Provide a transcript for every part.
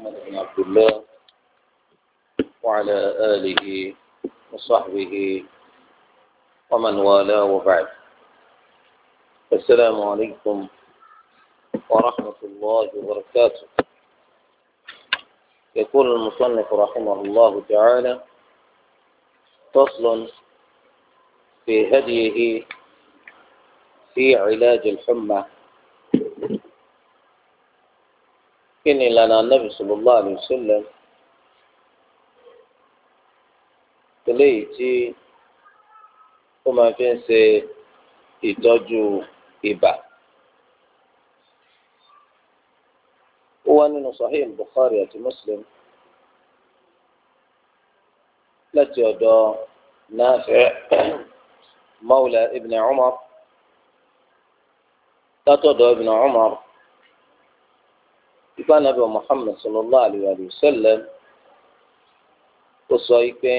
محمد بن عبد الله وعلى آله وصحبه ومن والاه وبعد السلام عليكم ورحمة الله وبركاته يقول المصنف رحمه الله تعالى فصل في هديه في علاج الحمى kí ni ìlànà anábì sallallahu alaihi wasallam eléyìí tí ó máa fi ń ṣe ìtọ́jú ibà. ó wá nínú sahih bukhari àti muslim láti ọ̀dọ̀ nafi' mawla ibn umar látọ̀dọ̀ ibn umar. pé nàbẹ muhammed sallallahu alayhi wa sallam ó sọ yìí pé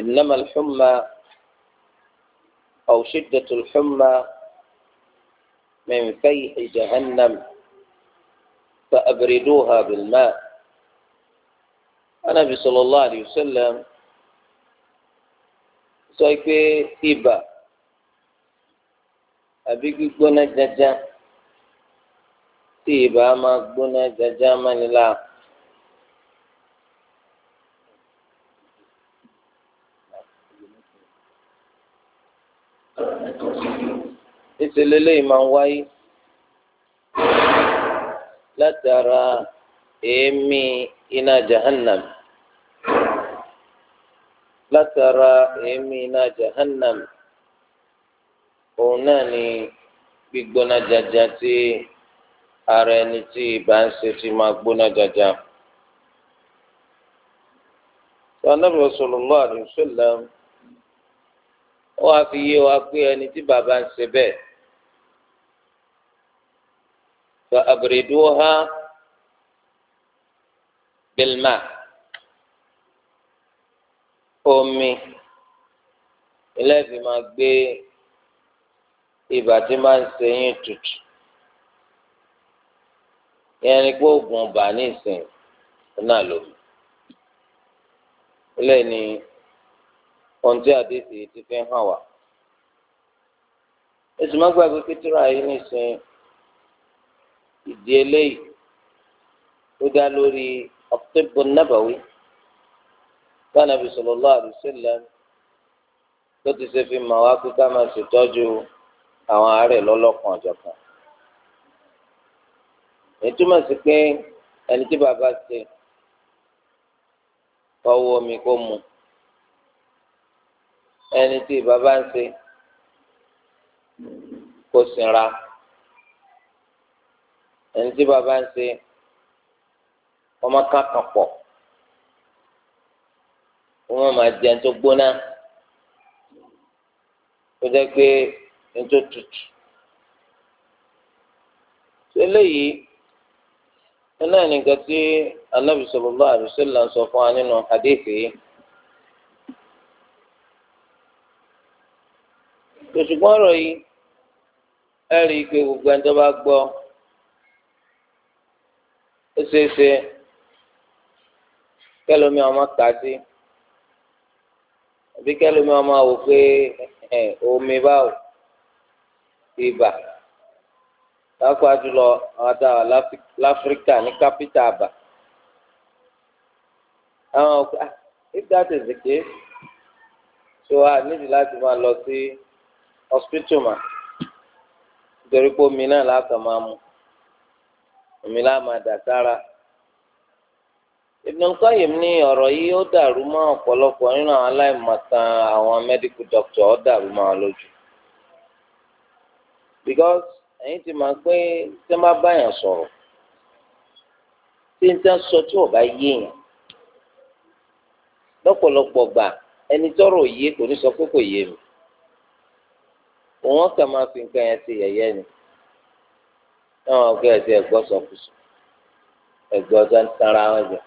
ìnàmà al-humma aw shiddatu al-humma min fayhi jahannam fa abriduha ha bilma anabi sallallahu alayhi wa sallam sọ yìí pé ibà àbí gbígbóná jẹjẹrẹ. tí ìbá máa gbóná jájá mánilá. níṣẹ́ lélẹ́yìí máa ń wáyé látara èémí iná jahannam látara èémí iná jahannam òun náà ni gbígbóná jájá tí ara ẹni tí ibà ń ṣe ti máa gbóná jaja. sanabi sallallahu alaihi wasallam ó wá fi yé wa pé ẹni tí bàbá ń ṣe bẹ́ẹ̀ fa abriduha bilma omi ilé ìfimá gbé ibà tí máa ń ṣe yín tutù yẹn ni pé oògùn ọba ní ìsìn náà lò ilé ni ohun tí àdéhùn ti fi hàn wá èsì má gbàgbé pétérò ayé ní ìsìn ìdí eléyìí ó dá lórí ọ̀pẹ́bù nàbàwí gbànàbí sallallahu alaihi tó ti ṣe fi mà wá pé ká máa ṣètọ́jú àwọn àárẹ̀ lọ́lọ́kan ọ̀jọ̀kan ìtumọ̀ sí pé ẹni tí bàbá ṣe ọwọ́ mi kò mu ẹni tí bàbá ń ṣe kò sinra ẹni tí bàbá ń ṣe ọmọ kankan pọ̀ wọ́n máa jẹ ẹni tó gbóná tó jẹ́ pé ẹni tó tutù eléyìí iná nìkan tí anábì sallallahu alaihi wasallam sọ fún wa nínú hadithi òṣùgbọ́n ọ̀rọ̀ yìí ẹ rí i pé gbogbo ẹni tó bá gbọ́ ó ṣeé ṣe kẹlòmí ọmọ kà sí àbí kẹlòmí ọmọ wò pé omi báwò ibà. E, pàápàá jùlọ àwọn láfíríkà ní kápítà àbà àwọn ọkọ ah, if that is the case so a nídìí láti máa lọ sí hospital ma nítorí pé omi náà láàkà máa mu omi láà máa dà sára Ibn Qayyim ní ọ̀rọ̀ yìí ó dàrú mọ́ ọ̀pọ̀lọpọ̀ nínú àwọn aláìmọ̀kan àwọn medical doctor ó dàrú mọ́ wọn lójú because ẹ̀yin ti máa pé tẹ́ má báyàn sọ̀rọ̀ tí n tẹ́ sọ tí ò bá yéèyàn lọ́pọ̀lọpọ̀ gbà ẹni tọ́rọ̀ òye kò ní sọ pé kò yé mi òun kà máa fi nǹkan yẹn ti yẹ̀yẹ́ ni táwọn ọ̀gá ẹ̀ ti ẹ̀gbọ́ sọkùsọ ẹ̀gbọ́ tó wọn jẹ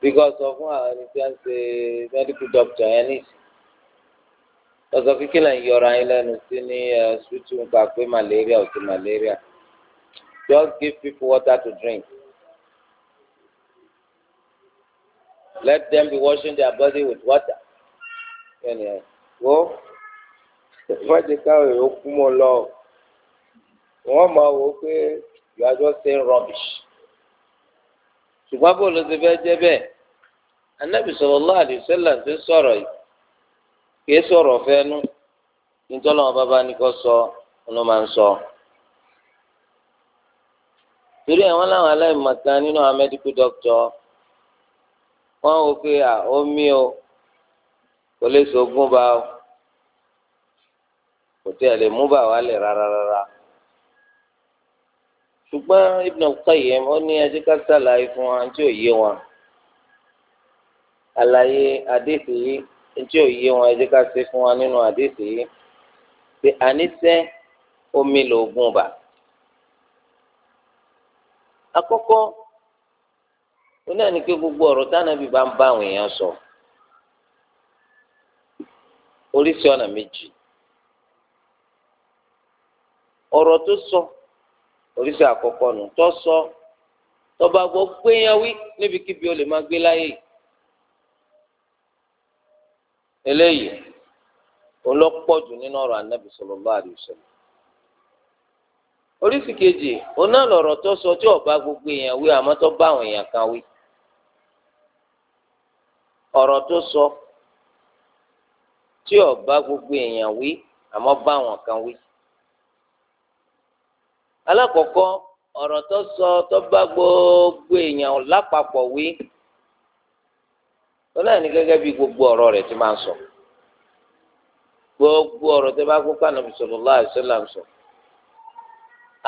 bí sọ fún àwọn ẹni tí wọ́n ṣe medical doctor yẹn nísìnyí ọsọ kíkí là ń yọra yín lẹ́nu sí ní ṣútù nípa pé malaria ò sí malaria just give people water to drink let them be washing their body with water wo wọ́n ti káwé ó kú mọ́ lọ wọ́n máa wò ó pé you are just saying rubbish ṣùgbọ́n bó ló ti fẹ́ jẹ́ bẹ́ẹ̀ anabi sallallahu alaihi wasallam ti sọ̀rọ̀ yìí. kìí sọ̀rọ̀ fẹ́nu nítorí àwọn bàbá ni kò sọ ọ̀nà máa ń sọ. torí aláìmọ̀kan nínú àwọn medical doctor wọ́n wò pé omi o kò lè sògùn bá o kò tẹ̀ lè mú bà wá lè rárá rárá. ṣùgbọ́n Ibn Qayyim ó ní ẹjẹ́ ká sàlàyé fún wa tí ò yé wọn. àlàyé ntí ò yé wọn ẹ jẹ́ ká ṣe fún wa nínú àdéhùn yìí pé àníṣe omi lòògùn bá àkọ́kọ́ oní àníké gbogbo ọ̀rọ̀ tánàbí bá ń bá àwọn èèyàn sọ oríṣi ọ̀nà méjì ọ̀rọ̀ tó sọ oríṣi àkọ́kọ́ nù tó sọ tọba gbọ́ gbéyàwí níbikíbi ó lè máa gbé láyè yìí eléyìí olọ́pọ̀jù nínú ọ̀rọ̀ anábì sallallahu alaihi wasallam oríṣìí kejì oná lọ̀rọ̀ tó sọ tí ọba gbogbo èèyàn wí àmọ́ tó bá àwọn èèyàn kan wí ọ̀rọ̀ tó sọ tí ọba gbogbo èèyàn wí àmọ́ bá àwọn kan wí alákọ̀ọ́kọ́ ọ̀rọ̀ tó sọ tó bá gbogbo èèyàn lápapọ̀ wí wọn náà ní gẹ́gẹ́ bí gbogbo ọ̀rọ̀ rẹ̀ ti máa ń sọ gbogbo ọ̀rọ̀ tó bá gbópa nàbì sallallahu alaihi wasallam sọ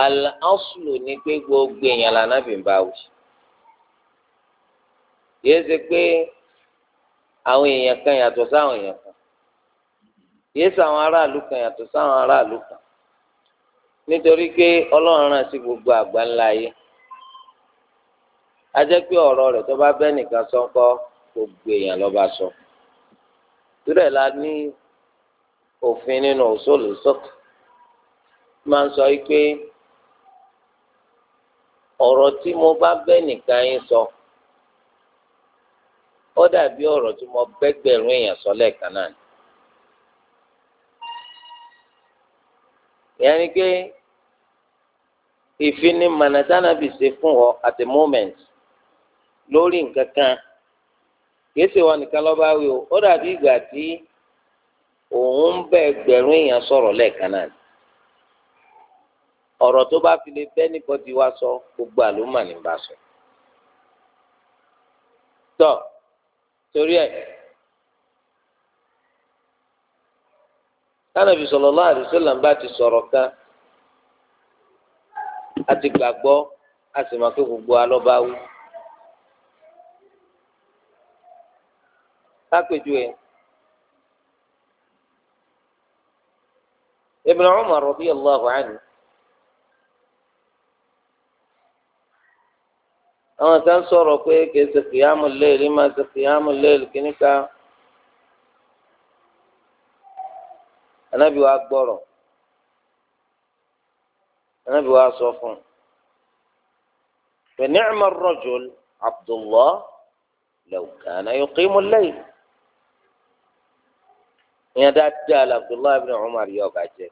al-aslu ni pé gbogbo èèyàn là nàbì ń bá wù yéé ṣe pé àwọn èèyàn kan yàtọ̀ sáwọn èèyàn kan yéé ṣe àwọn aráàlú kan yàtọ̀ sáwọn aráàlú kan nítorí pé ọlọ́run rán sí gbogbo àgbáńlá ayé a jẹ́ pé ọ̀rọ̀ rẹ̀ tó bá bẹ́ẹ̀ nìkan sọ́kọ́. gbogbo èèyàn bá sọ túrẹ̀ la ní òfin nínú òṣòlù sọ́kù máa ń sọ pé ọ̀rọ̀ tí mo bá bẹ nìkan yín sọ ó dàbí ọrọ tí mo bẹ́gbẹ̀rún èèyàn sọ lẹ́ẹ̀kan náà ni. ìyẹn ni pé ìfinimọ̀nà tánàbì ṣe fún ọ at moment lórí nǹkan kan. kìí wa nìkan lọ́ba wí o ó dàbí ìgbà tí òun bẹ ẹgbẹ̀rún èèyàn sọ̀rọ̀ lẹ́ẹ̀kan náà ọ̀rọ̀ tó bá wa sọ gbogbo àlùmọ̀ ní bá sọ. tọ́ torí ẹ̀ tánàbí sallallahu alaihi wasallam bá ti sọ̀rọ̀ kan a ti gbàgbọ́ a sì máa gbogbo alọ́ba لاكوجو ابن عمر رضي الله عنه أما كان صورة كويك قيام الليل إما قيام الليل كنكا أنا بيوا أكبر أنا بيوا أصوف فنعم الرجل عبد الله لو كان يقيم الليل ìyẹn dáadáa Abdullahi ibn Umar yọ ọba jẹ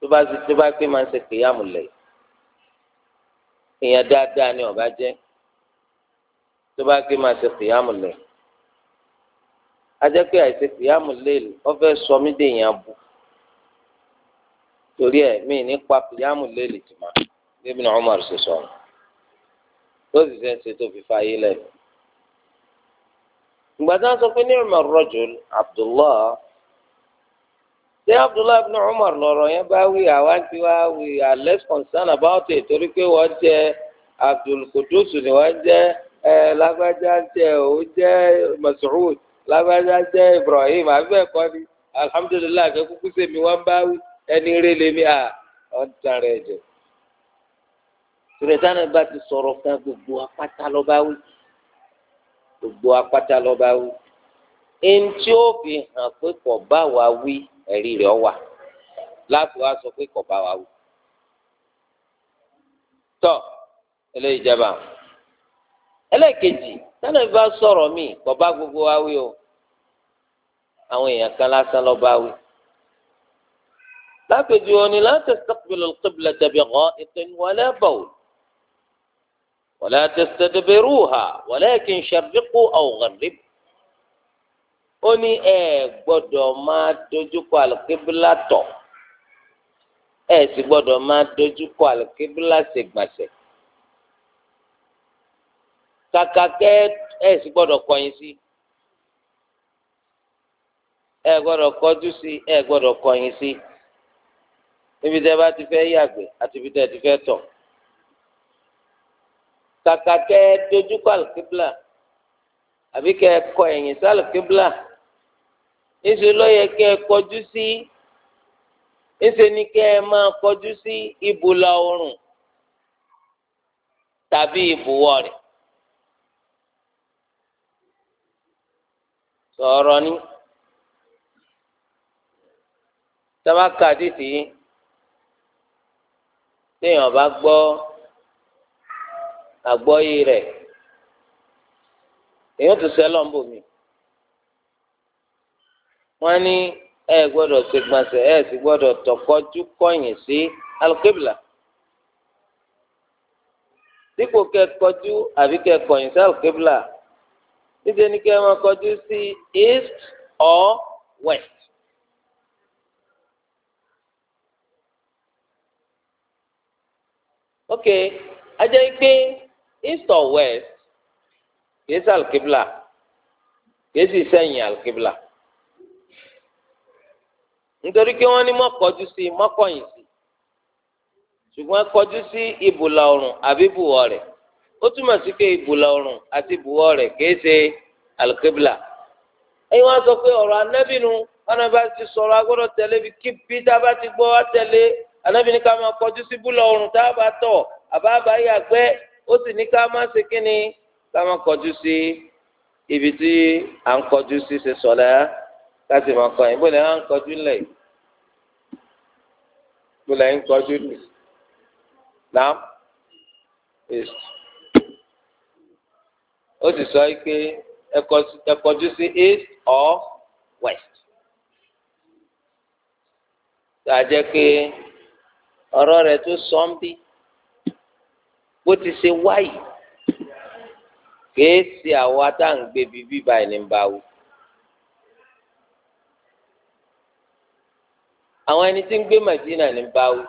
tó bá ti tó bá pé máa ń ṣe kìyàmù lẹ ìyẹn dáadáa ni ọba jẹ tó bá pé máa ṣe kìyàmù lẹ ajẹ́ pé àìṣe kìyàmù lẹ ọfẹ́ sọ mí dé ìyẹn bu torí ẹ̀ mí nípa kìyàmù lẹ lè tì máa Umar ṣe sọ tó sì ṣe ń ṣe tó fi fa ayé lẹ́nu ìgbà tí wọ́n sọ pé ní umar rajul abdullah ṣé abdullah ibn umar lọ́rọ̀ yẹn bá wí àwa ti wá wí are less concerned about it torí pé wọ́n jẹ abdul qudus ni wọ́n jẹ ẹ lágbájá jẹ òun jẹ mas'ud lágbájá jẹ ibrahim abẹ́ẹ̀kọ́ ni alhamdulilayi akẹ́kọ̀ọ́ sẹ́mi wọ́n bá wí ẹni rẹ lèmi à ọ̀n tààrà ẹ̀jẹ̀ tùrẹ̀tàn bá ti sọ̀rọ̀ kan gbogbo apáta lọ́ba wí gbogbo apáta lọ́ba wí ẹni tí ó fi hàn pé kò bá wa wí ẹ̀rí rẹ̀ wà láti wá sọ pé kò bá wa wí. tọ́ eléyìí jẹba ẹlẹ́ẹ̀kejì sani bá sọ̀rọ̀ mi kò bá gbogbo wa wí o àwọn èèyàn kan lásán lọ́ba wí. lápèjì òní láti sọ́kùnrin lọ́kùnrin lọ́kùnrin wọlé bọ̀wọ̀. ولا تستدبروها ولكن sharriqu أو gharribu ó ní ẹ gbọ́dọ̀ máa dojúkọ àlùkébílà tọ̀ ẹ sì gbọ́dọ̀ máa dojúkọ àlùkébílà ṣègbàṣẹ kàkà kẹ ẹ sì gbọ́dọ̀ kọ̀yìn sí ẹ gbọ́dọ̀ kọjú sí ẹ gbọ́dọ̀ kọ̀yìn sí níbi tẹ́ bá ti fẹ́ yàgbẹ́ àti ibi tẹ́ ti fẹ́ tọ̀ kàkà kẹ dojúkọ àlùkébìlà àbí kẹ kọ ẹ̀yìn sí àlùkébìlà ńṣe ló yẹ kẹ kọjú sí ńṣe ni kẹ máa kọjú sí ìbùlà oòrùn tàbí ìbùwọ̀ rẹ̀. sọ̀rọ̀ ni tábàkà títì téèyàn bá gbọ́ àgbọ́yé rẹ̀ èyàn tó sẹ́ lọ́nbò mi wọ́n ní ẹ gbọ́dọ̀ ṣe gbọ̀nsẹ̀ ẹ sì gbọ́dọ̀ tọkọjú kọ̀yìn sí alukébìlà dípò kẹkọjú àbí kẹkọ̀yìn sí alukébìlà níṣẹ́ ni kẹ́ ẹ máa kọjú sí east or west. ok ajẹ́ pé. Okay east or west kìí sí alkibla kìí sì nítorí kí wọ́n ní mọ́kọ́jú sí mọ́kọ́yìn sí ṣùgbọ́n kọjú sí ìbùlà ọ̀rùn àbí bùwọ̀ rẹ̀ ó túmọ̀ sí pé ìbùlà ọ̀rùn àti bùwọ̀ rẹ̀ kìí ṣe alkibla ẹ̀yin sọ pé ọ̀rọ̀ anábìnú ọ̀nà bá ti sọ̀rọ̀ bí kí a bá ti wá ó sì ní ká má ṣe kínni ká má kọjú sí ibi tí à ń kọjú sí ṣe sọlá ká sì má kọyìn bó lè à ń kọjú lẹ bó lè ń kọjú lẹ náà ó sì sọ pé ẹ kọjú sí east or west tó a jẹ pé ọ̀rọ̀ rẹ̀ tó sọ ń bí bó ti ṣe wáyìí kìí ṣe àwa tá à ń gbé bíbí báyìí ní báwo. àwọn ẹni tí ń gbé Madina ní báwo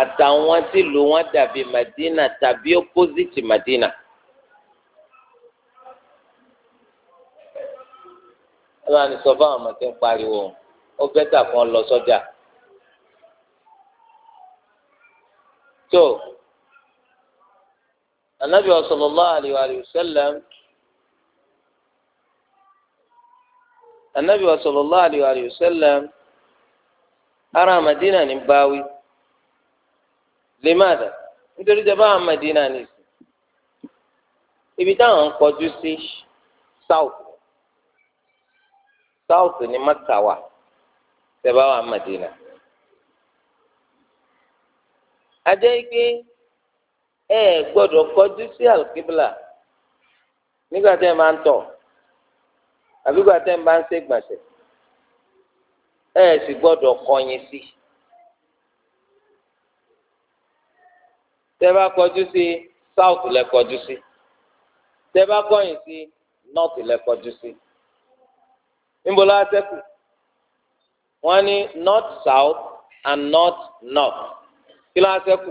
àtàwọn tí lò wọn dàbí Madina tàbí opposite Madina. ẹlọ́wà ni sọ fáwọn ọmọ tí ń pariwo ó bẹ́tà kan lọ sọ́jà. tó. So, anabi sallallahu alayhi wa sallam anabi sallallahu ara Amadina ni bawi limada nítorí jẹ báwọn madina ni ibi táwọn ń kọjú south south ni maka wà tẹ báwọn madina. ajẹ́ ẹ gbọ́dọ̀ kọjú sí alkibla nígbà tẹ́ ẹ máa ń tọ̀ àbí gbà tẹ́ ẹ máa ń ṣègbàṣẹ ẹ sì gbọ́dọ̀ kọ̀yìn sí tẹ́ bá kọjú sí south lẹ kọjú sí tẹ́ bá kọ̀yìn sí north lẹ kọjú sí níbo la ṣẹ́kù wọ́n ní north south and north north kí la ṣẹ́kù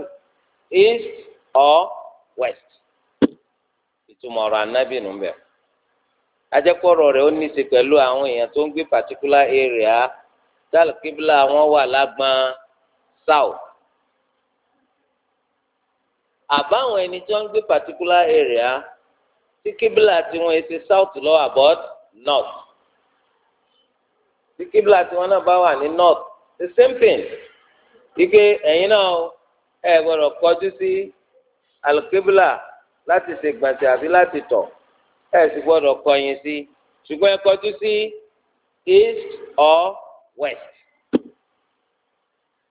east. or west ìtumọ̀ ọ̀rọ̀ anábì nù bẹ̀. rẹ̀ ó ní í ṣe pẹ̀lú àwọn èèyàn tó ń gbé particular area dal kibla wọn wà lágbọn south àbáwọn ẹni tó ń gbé particular area tí kibla tiwọn èsì south lọ about north tí kibla tiwọn náà bá wà ní north the same thing wípé ẹ̀yin náà ẹ gbọ́dọ̀ kọjú sí. Si, alùkébìlà láti ṣe gbàtẹ àbí láti tọ̀ ẹ sì gbọ́dọ̀ kọ̀yìn sí ṣùgbọ́n ẹ kọjú sí east or west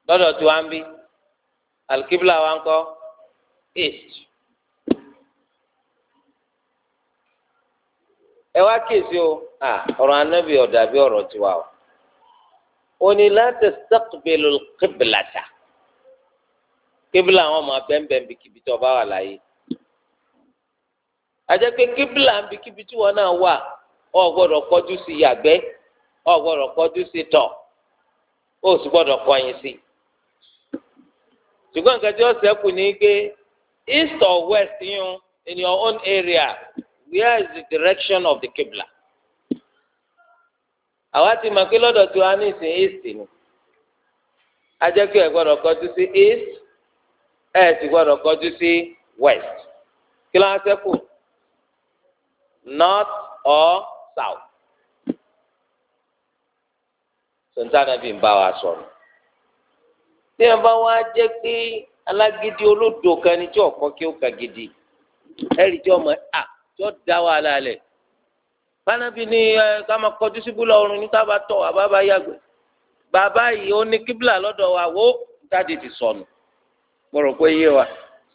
lọ́dọ̀ tí wọ́n ń bí alùkébìlà wa ń kọ́ east. ẹ wá kíyèsí o ọ̀rọ̀ anábì ọ̀dàbí ọ̀rọ̀ tiwa o. onílàtẹ̀ sàkbẹ̀lù kébìlàtà. kébìlà àwọn ọmọ abẹ́ńbẹ́ń bíkíbi tó ọba wà láyé àjẹ́ pé kébìlà bíkíbi tí wọ́n náà wà ọ̀ gbọ́dọ̀ kọjú sí yàgbẹ́ ọ̀ gbọ́dọ̀ kọjú sí tọ̀ ó sì gbọ́dọ̀ kọyìn sí ṣùgbọ́n nǹkan tí ó ṣẹ́kù ní pé east or west yun in your own area where is the direction of the kébìlà àwa ti mọ̀ pé lọ́dọ̀ tí wàá ní ìsìn east ni àjẹ́ pé ẹ̀ gbọ́dọ̀ kọjú sí east. ẹ sì gbọ́dọ̀ kọjú sí west kí ló ń north or south sọ̀tàn nàbí ń bá wa sọ̀rọ̀ tí ẹ bá wá jẹ́ pé alágídí olódò kan ní tí ọ̀kan kí ó ka gidi ẹ̀rí tí ọmọ à tí ó dá wàhálà lẹ̀ bánabi ni ẹ ká máa kọjú síbú lọ́rùn ní tá a bá tọ̀ àbá bá yàgbẹ́ bàbá yìí ó ní kíbla lọ́dọ̀ wa wó jáde ti sọnù. So gbọ́dọ̀ pé yé wa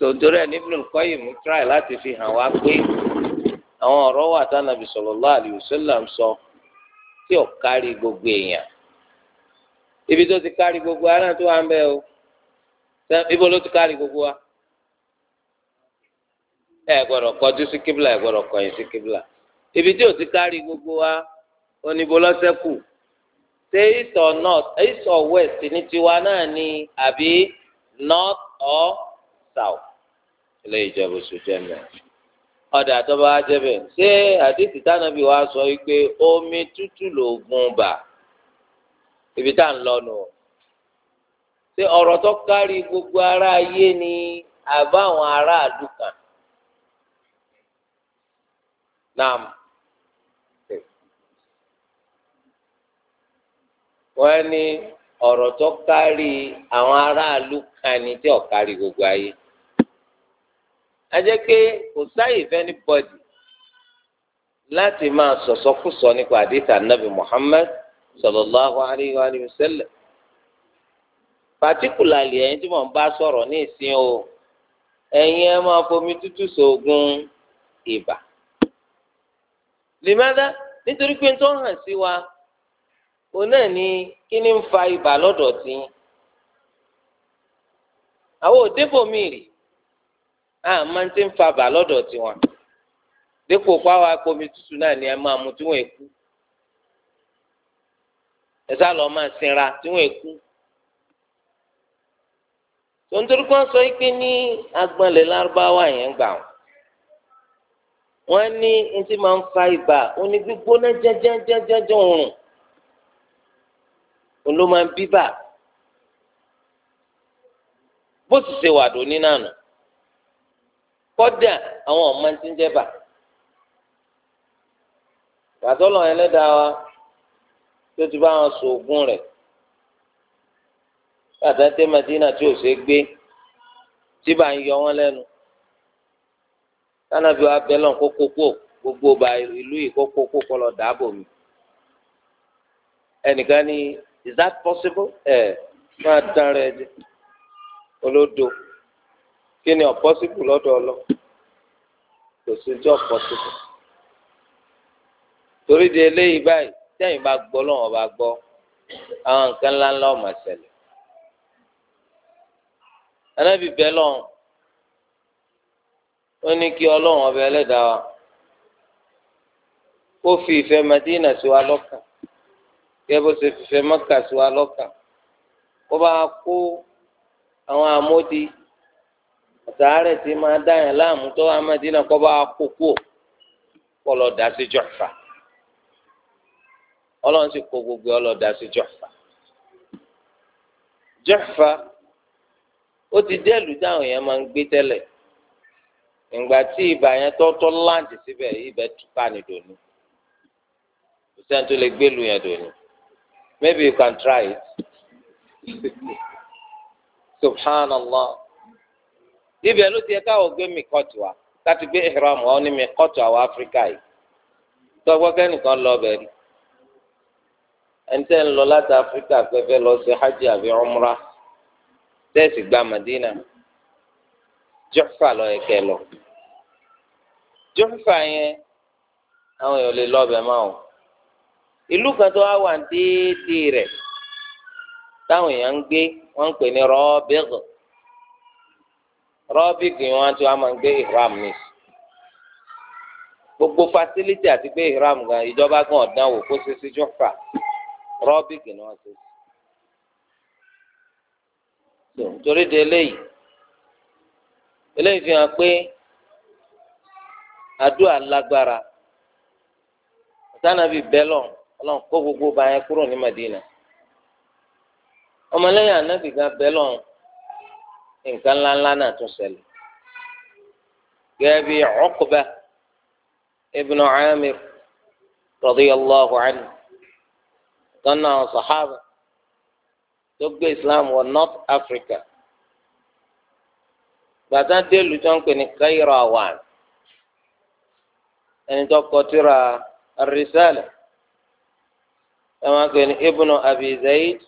tòǹtòrí ẹ̀ níbi nǹkan yìí mú tíráì láti fi hàn wá pé àwọn ọ̀rọ̀ wà tánàbì sallallahu alaihi wasallam sọ tí ò kárí gbogbo èèyàn ibi tó ti kárí gbogbo ara tó wà ń bẹ o ibo ló ti kárí gbogbo wa ẹ gbọ́dọ̀ kọjú sí kíbla ẹ gbọ́dọ̀ kọ̀yìn sí kíbla ibi tí ò ti kárí gbogbo wa oníbo lọ́sẹ̀kù ṣé ìsọ̀ north ìsọ̀ west ní tiwa náà ni àbí north or south ilé ìjọba oṣù jẹmẹ ọdà àtọba ajẹbẹ ṣé àdìsí tánàbí wa sọ wípé omi tútù lòògùn bà ibi tá à ń lọ nù ṣé ọ̀rọ̀ tó kárí gbogbo ará ayé ni àbá àwọn aráàlú kan naam wọ́n ní. ọ̀rọ̀ tó kárí àwọn aráàlú kani tí gbogbo ayé a jẹ́ pé kò sáyè fẹ́ni bọ́dì láti máa sọ̀sọ́kùsọ nípa àdìsá nàbì Muhammad sallallahu alayhi wa sallam pàtíkùlàlì ẹ̀yin tí mò ń bá sọ̀rọ̀ ní ìsìn o ẹ̀yin ẹ máa fomi tútù sóògùn nítorí pé tó hàn sí wa òun náà ni kí ni ń fa ibà lọ́dọ̀ tí yín àwọn òdebò mi rì á máa ń ti ń fa ibà lọ́dọ̀ tí wọn dípò pàwọn akómi tútù náà ni ẹ máa mu tí wọn èkú ẹ sá lọ máa sinra tí wọn èkú tontori sọ pé ní agbanlẹ̀ lárúbáwá yẹn gbà wọn wọn ní ntí máa ń fa ibà ó ní gbígbóná jẹjẹjẹjẹjẹ òórùn òun ló máa ń bíbà bó sì ṣe wàdó ní nànà kọ́dà àwọn ọmọ ti ń jẹ́ bà gbàtọ́lọ̀ ẹlẹ́dàá wa tó ti bá wọn sòògùn rẹ̀ bàtà tẹ́ madina tí ò ṣe gbé tí bá ń yọ wọn lẹ́nu kánábì wa bẹ́ẹ̀ lọ́n kó kókó gbogbo ba ìlú yìí kó kọ́ lọ dàbò mi ẹnìkan ní is that possible ẹ máa dán rẹ jẹ olódo kí ni ọ̀pọ̀sibù lọ́dọ̀ ọlọ kò sí jọ ọ̀pọ̀sibù torí di eléyìí báyìí tẹ́yìn bá gbọ́ lọ́wọ́ bá gbọ́ àwọn nǹkan ńláńlá ọ̀mà ṣẹlẹ̀ anábì bẹ́ẹ̀ lọ́wọ́ ó ní kí ọlọ́wọ́ ọbẹ̀ ẹlẹ́dàá wa kó fi ìfẹ́ Madina sí wa lọ́kàn kí ẹ bó ṣe fìfẹ́ mọ́kà sí wa lọ́kàn kó bá kó àwọn amódi àtàárẹ̀ tí máa dá yẹn láàmú tó wá Mẹ́dínà kó bá kó kú kó lọ dá sí Juhfa ọlọ́run sì kó gbogbo ọlọ́dà sí Juhfa Juhfa ó ti jẹ́ ìlú táwọn èèyàn máa ń gbé tẹ́lẹ̀ ìgbà tí ibà yẹn tọ́tọ́ láǹtì síbẹ̀ ibẹ̀ túká ní dòní kò sẹ́ni tó lè gbé ìlú yẹn dòní maybe you can try it subhanallah ibẹ̀ ló ti yẹ káwọn gbé mi kọ́tù wa láti gbé ihram wa ní mi kọ́tù àwọn áfíríkà yìí tọ́gbọ́n kẹ́nìkan lọ bẹ̀ rí ẹnitẹ́ ń lọ láti áfíríkà pẹ́fẹ́ lọ sí hajj àbí umra tẹ́sí gba madina jọ́fà lọ ẹ̀kẹ́ lọ jọ́fà yẹn àwọn èèyàn lè lọ bẹ̀ máa o. ìlú kan tó wá wà déédéé rẹ̀ táwọn èèyàn ń gbé wọ́n ń pè ní rọ́ọ̀bìgì rọ́ọ̀bìgì wọn tí máa ń gbé ìhram ní gbogbo fasiliti àti gbé ìhram gan ìjọba gan ọ̀dán wò kó ṣeéṣe jọ́fà rọ́ọ̀bìgì ni wọ́n ṣe sí. torí de eléyìí eléyìí fi hàn pé ọlọ́run kó gbogbo ba yẹn kúrò ní Madina ọmọlẹ́yìn anabi gan nke lọ́n nǹkan ńláńlá náà tún ṣẹlẹ̀ ibn Amir anhu àwọn sàhábà tó Islam wọ North Africa gbàtà délùú tó ń pè ní Kairawan ẹni tó táwọn pè ní ibnu abi zayd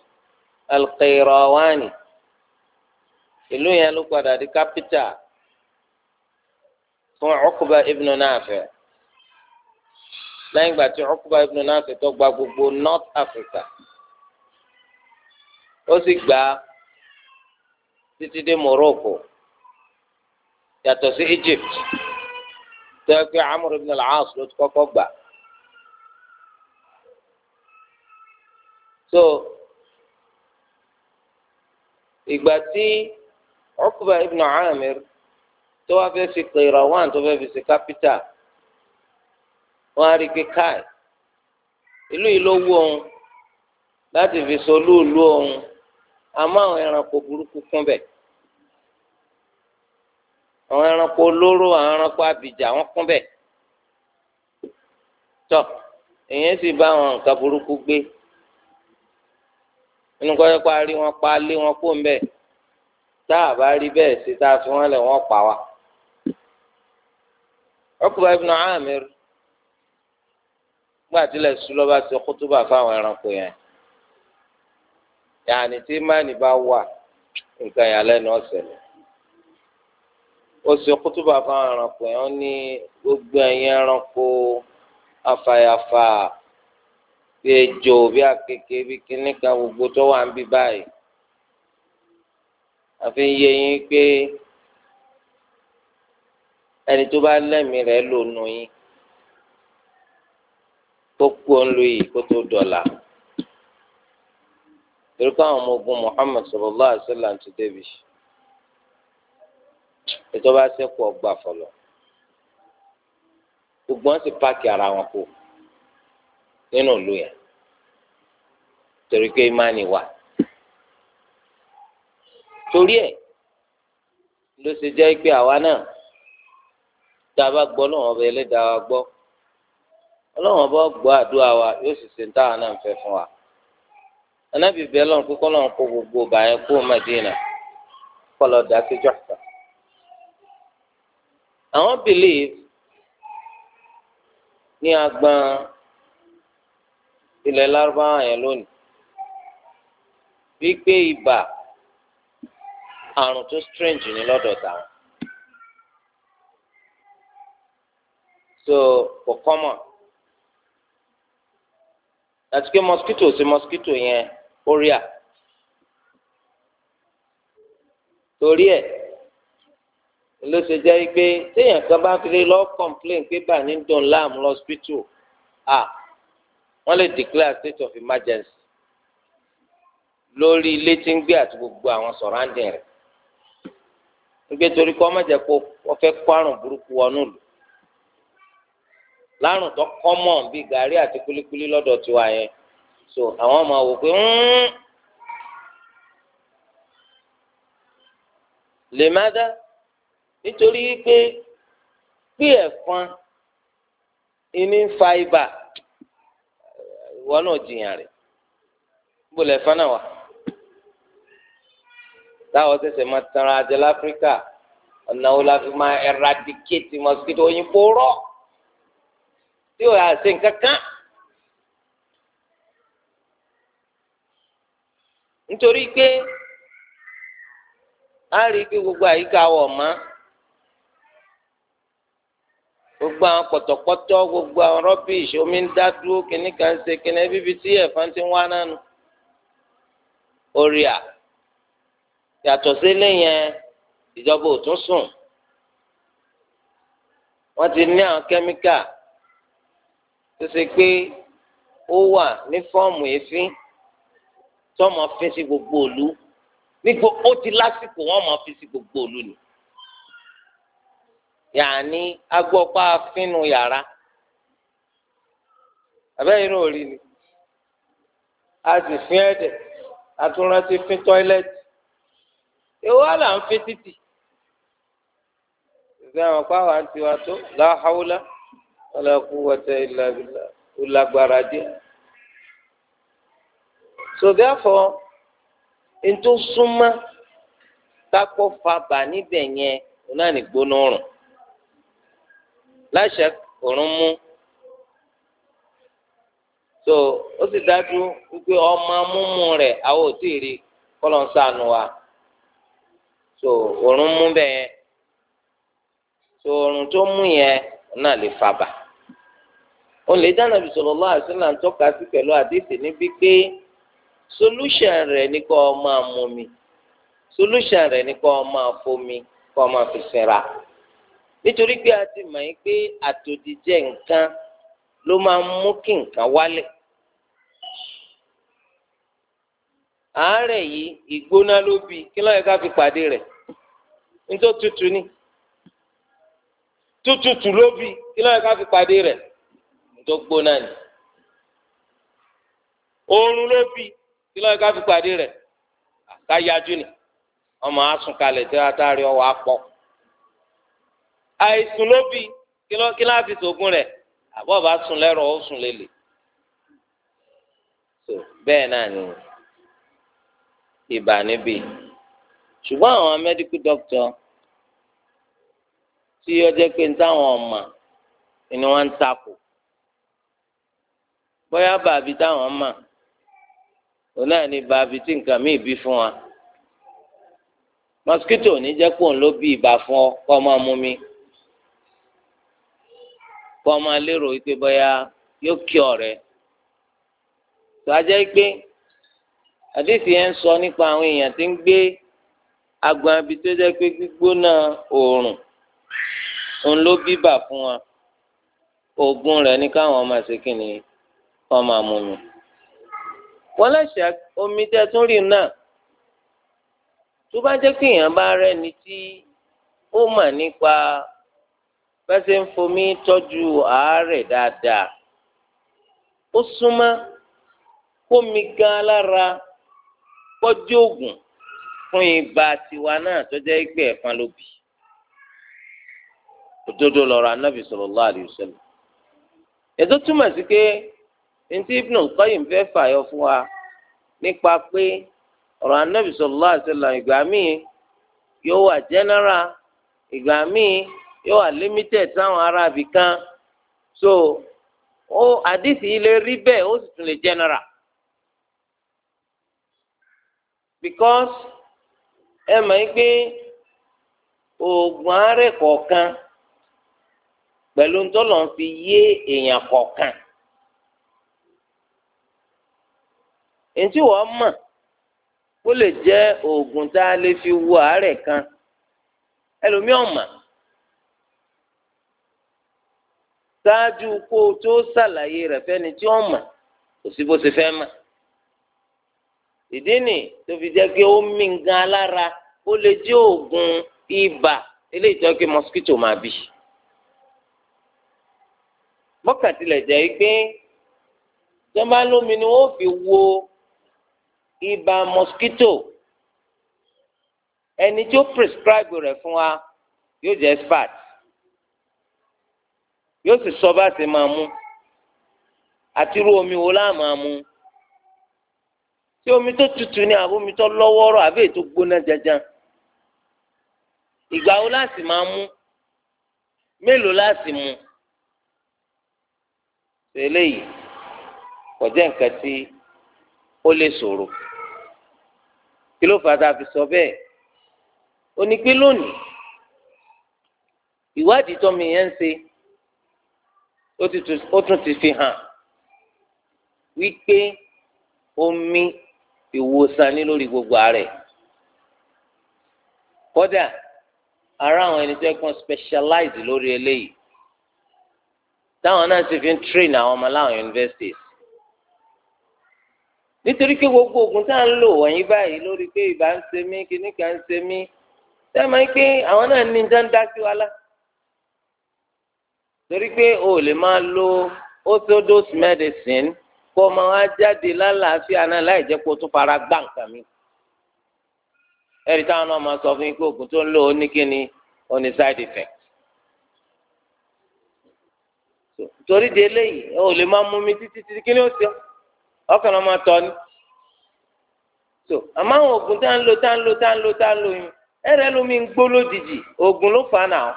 alqayrawani ìlú yẹn ló padà di kápítà fún Uqba ibnu Nafi lẹ́yìn ìgbà tí Uqba ibnu Nafi tó gba gbogbo North Africa ó sì gba títí dé Morocco yàtọ̀ sí Egypt tó yẹ kí Amr ibn ló ti kọ́kọ́ gbà. so ìgbà tí tó wá fẹ́ fi tó fẹ́ fi kápítà pé káì ìlú yìí ló wú òun láti fi òun àmọ́ àwọn ẹranko burúkú kún àwọn ẹranko olóró àwọn ẹranko abìjà kún gbé. nínú kọ́jọ́ pa rí wọn pa lé wọn kó ń bẹ̀ tá a bá rí bẹ́ẹ̀ sí tá a fi wọn lẹ̀ wọ́n pa wa. Uqba ibn Amir gbà tilẹ̀ sùn lọ́ba ti kútúbà fáwọn ẹranko yẹn yàní tí mánì bá wà nǹkan ìyàlẹ́nu ọ̀sẹ̀lẹ̀ ó sì kútúbà fáwọn ẹranko yẹn ó ní gbogbo ẹ̀yin ẹranko afàyàfà bí ejò bí akeke bí kíní kan gbogbo tó wà ń bí báyìí àfi ń yé yín pé ẹni tó bá lẹ́mìí rẹ̀ lò nù yín tó kú ó ń lu yìí kó tó dọ̀là torí pé àwọn ọmọ ogun Muhammad sallallahu alaihi wasallam ti débi ètò bá ṣẹ́kù ọgbà fọlọ́ gbogbo wọn sì páàkì ara wọn kù. nínú ìlú yẹn torí pé wà torí ẹ ló ṣe jẹ́ pé àwa náà tá a bá gbọ́ ẹlẹ́dàá wa gbọ́ ọlọ́wọ́n gbọ́ àdúrà wa yóò sì ṣe táwa náà fẹ́ fún wa bẹ́ẹ̀ lọ́n kókó kọlọ sí jọ́sà àwọn ní ilẹ̀ lárúbáwá yẹn lónìí wípé ibà àrùn tó strange ní lọ́dọ̀ ta, so kò kọ́mọ̀ àti pé mosquito sí mosquito yẹn ó rí à torí ẹ̀ ló ṣe jẹ́ pé téèyàn kan bá fi lọ́ọ́ complain pé bà ní dùn láàmú lọ́sítítù à. Ah wọ́n lè declare state of emergency lórí ilé tí ń gbé àti gbogbo àwọn surrounding rẹ̀ nígbè torí kọ́ má jẹ́ kó wọ́n fẹ́ kó àrùn burúkú wọnú lù lárùn tó common bíi gàrí àti kulikuli lọ́dọ̀ tiwa yẹn so àwọn ọmọ wò pé hmm. lè má dá nítorí pé bí ẹ̀fọn ìní fa ìwọ náà jiyàn rẹ̀ níbo lẹ fẹ́ táwọn ṣẹ̀ṣẹ̀ máa tanra ajẹ láfíríkà ọ̀nà wo la fi mosquito òyìnbó rọ̀ tí o yà ṣe nǹkan kan. nítorí pé a rí gbogbo àyíká wọ̀ gbogbo àwọn pọ̀tọ̀pọ̀tọ̀ gbogbo àwọn rọ́bìṣì omi ń dá dúró kìnnì kan ṣe kìnnì bíbi tí ẹ̀fọn ti ń wá nánu orí à yàtọ̀ sí lẹ́yìn ìjọba ò tún sùn wọ́n ti ní àwọn kẹ́míkà tó ṣe pé ó wà ní fọ́ọ̀mù èéfín tọ́mọ fi sí gbogbo òlu nígbò ó ti lásìkò wọ́n mọ̀ fi sí gbogbo òlu ni yàní agbọ́pá fínú yàrá àbẹ́yìn náà ni a sì fín ẹ̀dẹ̀ àtúrántí fín tọ́ílẹ̀tì èwo àlà ń fi títì ìgbéyàwó pàwọn àti wa tó láhàúlá ọlọ́kú wọ́tẹ́ ìlàgbára so therefore níbẹ̀ yẹn náà ní láṣẹ òrùn mú so ó sì dájú wípé ọmọ múmú rẹ àwọn ò tí ì rí kọlọ ń sànù wa so òrùn mú bẹ́ẹ̀ so òrùn tó mú yẹn náà lè fa ó lè dáná bí sallallahu alaihi wasallam ń tọ́ka sí pẹ̀lú àdéhìí níbi pé solution rẹ ní kó máa mú mi solution rẹ niko kó máa mi kó máa fi sinra. nítorí pé a ti mọ̀ pé àtòdìjẹ nǹkan ló máa ń mú kí nǹkan wálẹ̀. àárẹ̀ yìí ìgbóná ló bi kí ló yẹ ká fi pàdé rẹ̀ nítorí ni Tututu ló bi kí ló yẹ ká fi pàdé rẹ̀ nítorí gbóná ni oorun ló bi kí ló ká fi pàdé rẹ̀ ká yájú ni ọmọ asùnkalẹ̀ tí a tá a rí ọwọ́ apọ̀. àìsùn ló bí kí ló fi sògùn rẹ̀ àbọ̀ bá sùn lẹ́rọ̀ ó sùn lélè so bẹ́ẹ̀ náà ni ibà níbí ṣùgbọ́n àwọn medical doctor tí ó jẹ́ pé táwọn ọmọ ni wọ́n ń takò bóyá bàbí táwọn mọ̀ òun náà ni bàbí tí nǹkan míì bí fún wa mosquito ní jẹ́ pé òun ló bí ibà fún ọ kọ́ ọ máa mú mi kọ́ ọ máa lérò wípé yóò kí ọ̀rẹ́ tó a jẹ́ pé àdéhùn yẹn ń sọ nípa àwọn èèyàn tí ń gbé agbọn abi tó jẹ́ pé gbígbóná oòrùn ló bíbà fún wa rẹ̀ ní káwọn ni máa mú mi. omi tẹ́ tún rí náà tó bá jẹ́ pé èèyàn bá rẹ́ni tí bẹ́sẹ̀ ń fomi tọ́jú àárẹ̀ dáadáa ó súnmọ́ kómi gan alára kọjú fún ìgbà tiwa náà tó jẹ́ ẹ̀fọn ló òdodo lọ́rọ̀ anábì sallallahu alaihi wasallam ètò túmọ̀ sí pé ntí Ibnu fún wa nípa pé ọ̀rọ̀ anábì yóò wà limited sáwọn ará abìkan so ó àdìsí yìí lè rí bẹ́ẹ̀ ó sì tún lè general because ẹ mọ̀ yín pé oògùn àárẹ̀ kọ̀ọ̀kan pẹ̀lú ntọ́lọ̀ ń fi yé èèyàn kọ̀ọ̀kan ètí wọ́n mọ̀ ó lè jẹ́ oògùn tá a lè fi wo àárẹ̀ kan ẹlòmíràn ṣáájú kó o tó ṣàlàyé rẹ̀ fẹ́ni tí ó mọ̀ kò sí bó ṣe fẹ́ mọ̀ ìdí nì tó fi jẹ́ pé ó mì gan alára ó lè jẹ́ oògùn ibà eléyìí tó ń pè mosquito máa bì bọ́kàtìlẹ̀ jẹ́ pé jọba lómi ni wọ́n fi wo ibà mosquito ẹni tó prescribe rẹ̀ fún wa yóò jẹ́ expert yóò sì sọ bá ṣe máa mú àti irú omi wo láà máa mú tí omi tó tutù ni àbí omi tó lọ́wọ́rọ́ àbí ètò gbóná janjan ìgbà wo láà sì máa mú mélòó láà sì mú tẹ́lẹ̀ kò jẹ́ nǹkan tí ó lè ṣòro kí ló fà tá a fi sọ bẹ́ẹ̀ onígbé lónìí ìwádìí tọ́mi yẹn ń ṣe ó tún ti fi hàn wípé omi ìwòsàn ní lórí gbogbo ààrẹ kódà ara àwọn ẹni tó kàn specialize lórí eléyìí táwọn náà sì fi ń train àwọn ọmọ láwọn universities nítorí pé gbogbo oògùn tá à ń lò wọ̀nyí báyìí lórí pé ibà ń ṣe mí kíní kan ń ṣe mí sẹ́mi pé àwọn náà ní dáńdá sí wa lá torí pé o lè máa lo orthodox medicine kó o máa wá jáde lálàáfíà náà láì jẹ́ kó o tún fara gbá nǹkan mi. ẹ̀rí táwọn náà máa sọ fún yín pé oògùn tó ń lò ó ní kíni ó ní side effect. torí de eléyìí o lè máa mú mi títí títí kí ni ó sọ ọkàn náà máa tọ ni. so àmọ́ àwọn oògùn tá ń lò tá ń lò tá ń lò tá ń lò yín ẹ̀rẹ́ lómi ń gbó lójijì oògùn ló fà á náà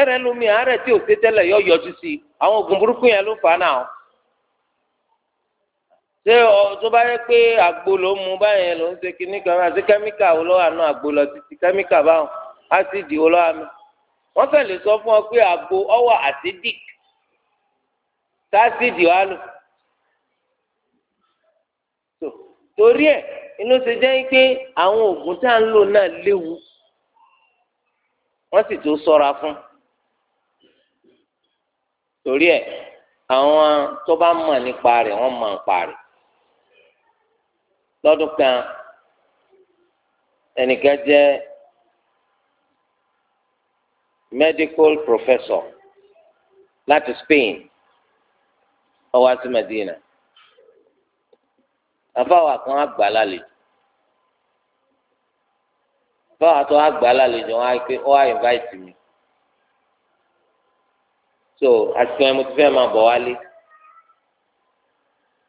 ẹrẹ lómi àárẹ̀ tí ò ṣe tẹ́lẹ̀ yọ yọjú sí i àwọn oògùn burúkú yẹn ló fà á náà ṣé ọ tó bá yẹ pé àgbo ló mú báyẹn ló ń ṣe kínní kan àti kẹ́míkà wo lọ́wọ́ àná àgbo lọ títí kẹ́míkà báwọn ásíìdì wo lọ́wọ́ àná wọ́n fẹ́ lè sọ fún ọ pé àgbo ọwọ́ àsídìk tásíìdì wà lò torí ẹ̀ inú ṣe jẹ́ pé àwọn oògùn tá à ń lò náà léwu wọ́n sì tó sọ́ra fún un torí ẹ àwọn tó bá mọ̀ nípa rẹ̀ wọ́n mọ̀ nípa rẹ̀ lọ́dún kan ẹnìkan jẹ́ medical professor láti Spain ó wá Medina afáwà kan àgbà lálejò afáwà tó àgbà lálejò wọn á pé ó wá invite mi so àsìkò yẹn mo ti fẹ́ máa bọ̀ wálé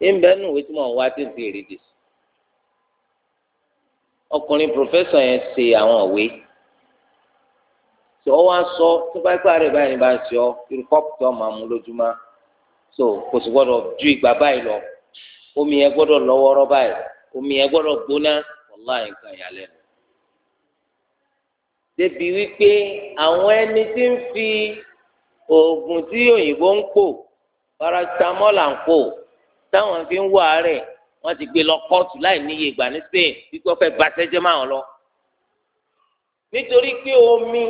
ìbẹ́ nù wípé mo wá tí n ti rí dì ọkùnrin pòfẹ́sọ̀ yẹn ṣe àwọn òwe tí ó wá sọ tó bá gbà rẹ̀ báyìí bá ń sọ irú kọ́pù tó máa mú lójúmọ́ so kò sì gbọ́dọ̀ ju ìgbà báyìí lọ omi yẹn gbọ́dọ̀ lọ́wọ́rọ́ báyìí omi yẹn gbọ́dọ̀ gbóná wàláhì nǹkan ìyàlẹ́nu débi wípé àwọn ẹni tí ń fi oògùn tí òyìnbó ń kó paracetamol à ń kó táwọn fi ń wà á rẹ̀ wọ́n ti gbé lọ kóòtù láì níye ìgbà ní Spain wípé wọ́n fẹ́ gba sẹ́jẹ́ máa lọ. nítorí pé omi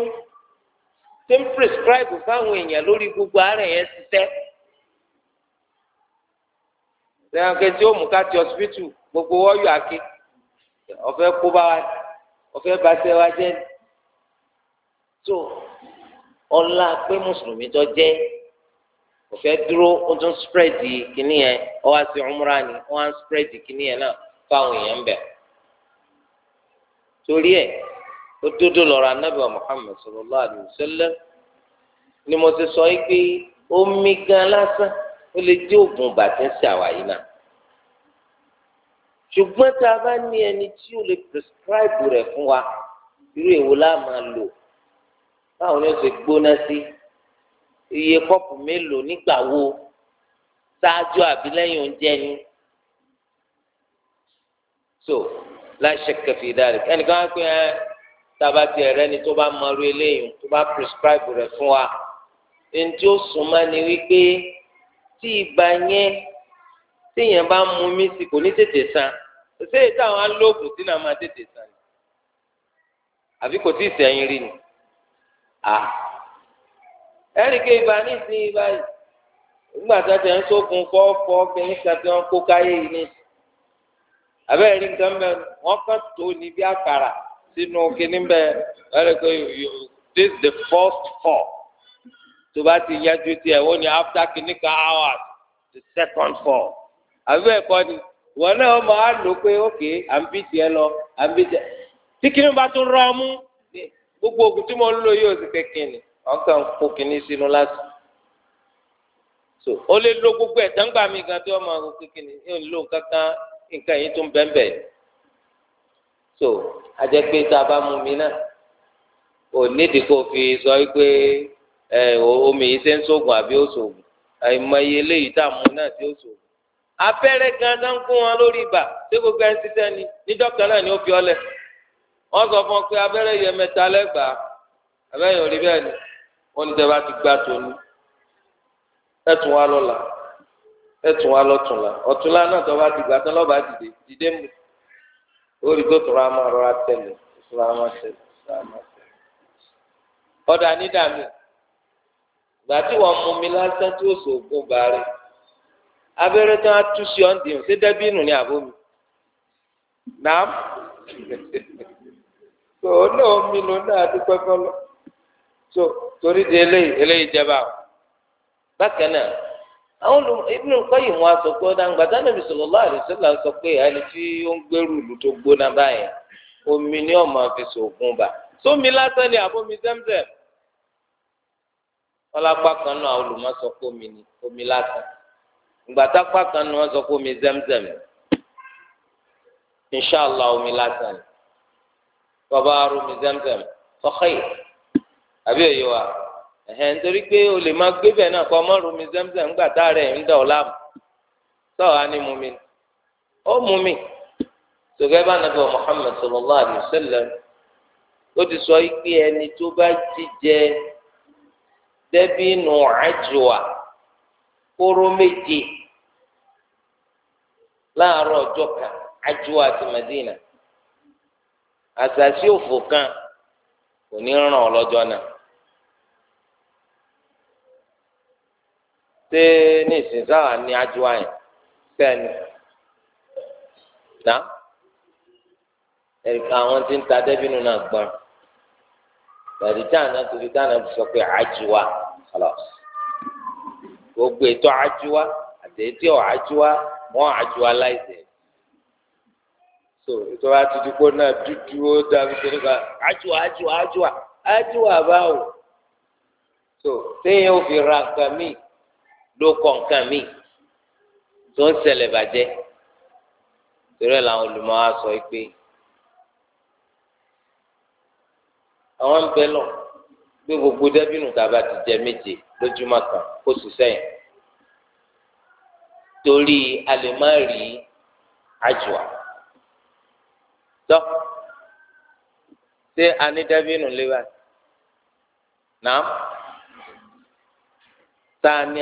ti ń prescribe fáwọn èèyàn lórí gbogbo àárẹ̀ yẹn ṣiṣẹ́. sẹ́yìn kejì ó mú káti hospital gbogbo wọ́ọ̀yù àké ọ̀fẹ́ kó bá wa ọ̀fẹ́ bá sẹ́ wa ọlá pé mùsùlùmí tó jẹ́ kò fẹ́ dúró ó tún spreadi kìíní yẹn ó wá sí umra ni ó wá ń spreadi kìíní yẹn náà fáwọn èèyàn bẹ̀. torí ẹ̀ ó dúdú lọ́rọ̀ anábì Muhammad sallallahu alaihi wasallam ni mo ti sọ yìí pé omi gan lásán ó lè jẹ́ oògùn bàtẹ́ sí náà ṣùgbọ́n tá a bá ní ẹni tí ó lè prescribe rẹ̀ fún wa irú èwo la máa lò báwo ni ó ṣe gbóná sí iye kọ́pù mélòó nígbà wo ṣáájú àbí lẹ́yìn oúnjẹ ni so láṣẹ kẹfì dáre ẹnìkan á pé ẹ tàbá ti ni tó bá mọ orí eléyìí tó bá prescribe rẹ̀ fún wa ẹni tí ó súnmọ́ ni wípé tí ibà yẹn téèyàn bá mú mi sí kò ní tètè san ṣé èyí táwọn á tí náà máa tètè san àbí kò tí ì sẹ́yìn rí ni à ah. ẹnìkẹ́ ibà nísìnyí ibà yìí nígbà tí wọ́n ti ń sógun fọ́fọ́ kẹ́yìn kan tí wọ́n kó káyé yìí ní abẹ́rẹ́ ní nǹkan mẹ́rin wọ́n kàn tó ní bí àkàrà sínú kínní bẹ́ẹ̀ ẹnìkẹ́ this the first four tó bá ti yanjú tiẹ̀ wọ́n ní after kínní kan hours the second four àbẹ́ ẹ̀kọ́ ni wọ́n náà máa lò pé ókè à ń bí tiẹ̀ lọ à ń bí tiẹ̀ tí kínní bá tún rọ́ ọ mú gbogbo oògùn tí mo ń lò yóò sì pé kíni wọn kàn kó kíní sínú láti so ó lè lo gbogbo ẹ̀ tán gbà mí gan tí wọ́n máa ń kó kíni yóò lò kankan nǹkan yìí tó ń bẹ́ẹ̀ bẹ́ẹ̀ so ajẹ́ pé tá a bá mú mi náà ò nídìí kó fi sọ wípé ẹ omi yìí ṣe ń sóògùn àbí ó sòògùn àìmọye eléyìí tá a mú náà tí ó sòògùn abẹ́rẹ́ gan-an ń kó wọn lórí ibà tí gbogbo ẹ̀ ń ṣiṣẹ́ ni níjọ́ kan náà ni ó fi ọ́ lẹ̀ wọ́n sọ fún ọ pé abẹ́rẹ́ yẹ mẹ́ta lẹ́gbàá abẹ́yẹn ò rí bẹ́ẹ̀ ni wọ́n ní dẹ́ba ti gbá tóní ẹ̀tún wa lọ́la ẹ̀tún wa lọ́túnla ọ̀túnla náà dọ́ba ti gbà tán lọ́ba dìde dìde mu ó rí tó tóra máa rọra tẹ̀lé tóra máa tẹ̀lé tóra máa tẹ̀lé. ọ̀dà nídàmì ìgbà tí wọ́n mú mi lásán tí ó sòògùn bàárẹ̀ abẹ́rẹ́ tí wọ́n tú sí ọ́ndìyàn ṣé dẹ́bínú ni àbómi nàá. tó náà mi lò náà dúpẹ́ fọlọ́ tó torí di eléyìí eléyìí jẹba o bákan náà àwọn olùmọ Ibnu Qayyim wọn sọ pé ọdàn gbàtà Nabi sallallahu alaihi wasallam sọ pé ẹni tí ó ń gbèrú ìlú tó gbóná báyẹn omi ni ọmọ fi sòògùn bà sómi lásán ni àbomi Zamzam ọlọpàá kan náà olùmọ sọ pé omi ni omi lásán gbàtà pàkan náà wọn sọ pé omi Zamzam inṣàlá omi lásán ni bàbá aromi zamzam ọkọ yìí àbí òye wa ẹ̀hẹ́n nítorí pé o lè máa gbé bẹ́ẹ̀ náà kọ́ ọmọ aromi zamzam gbà tá a rẹ̀ ń dà ọ́ láàmú sọ̀rọ̀ á ní mú mi ó mú mi sọ̀gẹ́ bá nàbẹ̀ wa Muhammad sallallahu alayhi wa sallam ó ti sọ pé ẹni tó bá jíjẹ dẹ́bí nù àjùwà kóró méje láàárọ̀ ọjọ́ kan àjùwà ti Madina. asasi òfò kan kò ní ràn ọ́ lọ́jọ́ náà ṣé ní ìsìnsáwà ní ajúwa yẹn sẹ́ni náà ẹ̀ka àwọn tí ń ta dẹ́bínú náà gbọ́n tàbí táwọn torí táwọn sọ pé ajúwa khalas gbogbo ètò ajúwa àti ètò ajúwa láìsẹ̀ so ètò wa ti dúpọ́ náà dúdú ó dábí tó nípa ájúwà ájúwà ájúwà ájúwà báwò so téèyàn ò fi ra nǹkan míì ló kọ nǹkan míì tó ń ṣẹlẹ̀ bàjẹ́ torí ẹ̀ làwọn olùmọ̀ wa sọ pé àwọn ń bẹ lọ gbé gbogbo dẹ́bìnù tàbá ti jẹ méje lójúmọ́ kan kó sì sẹ́yìn torí a lè má rí àjùwà. tọ́ a ní dàbínù lé wa Taa ní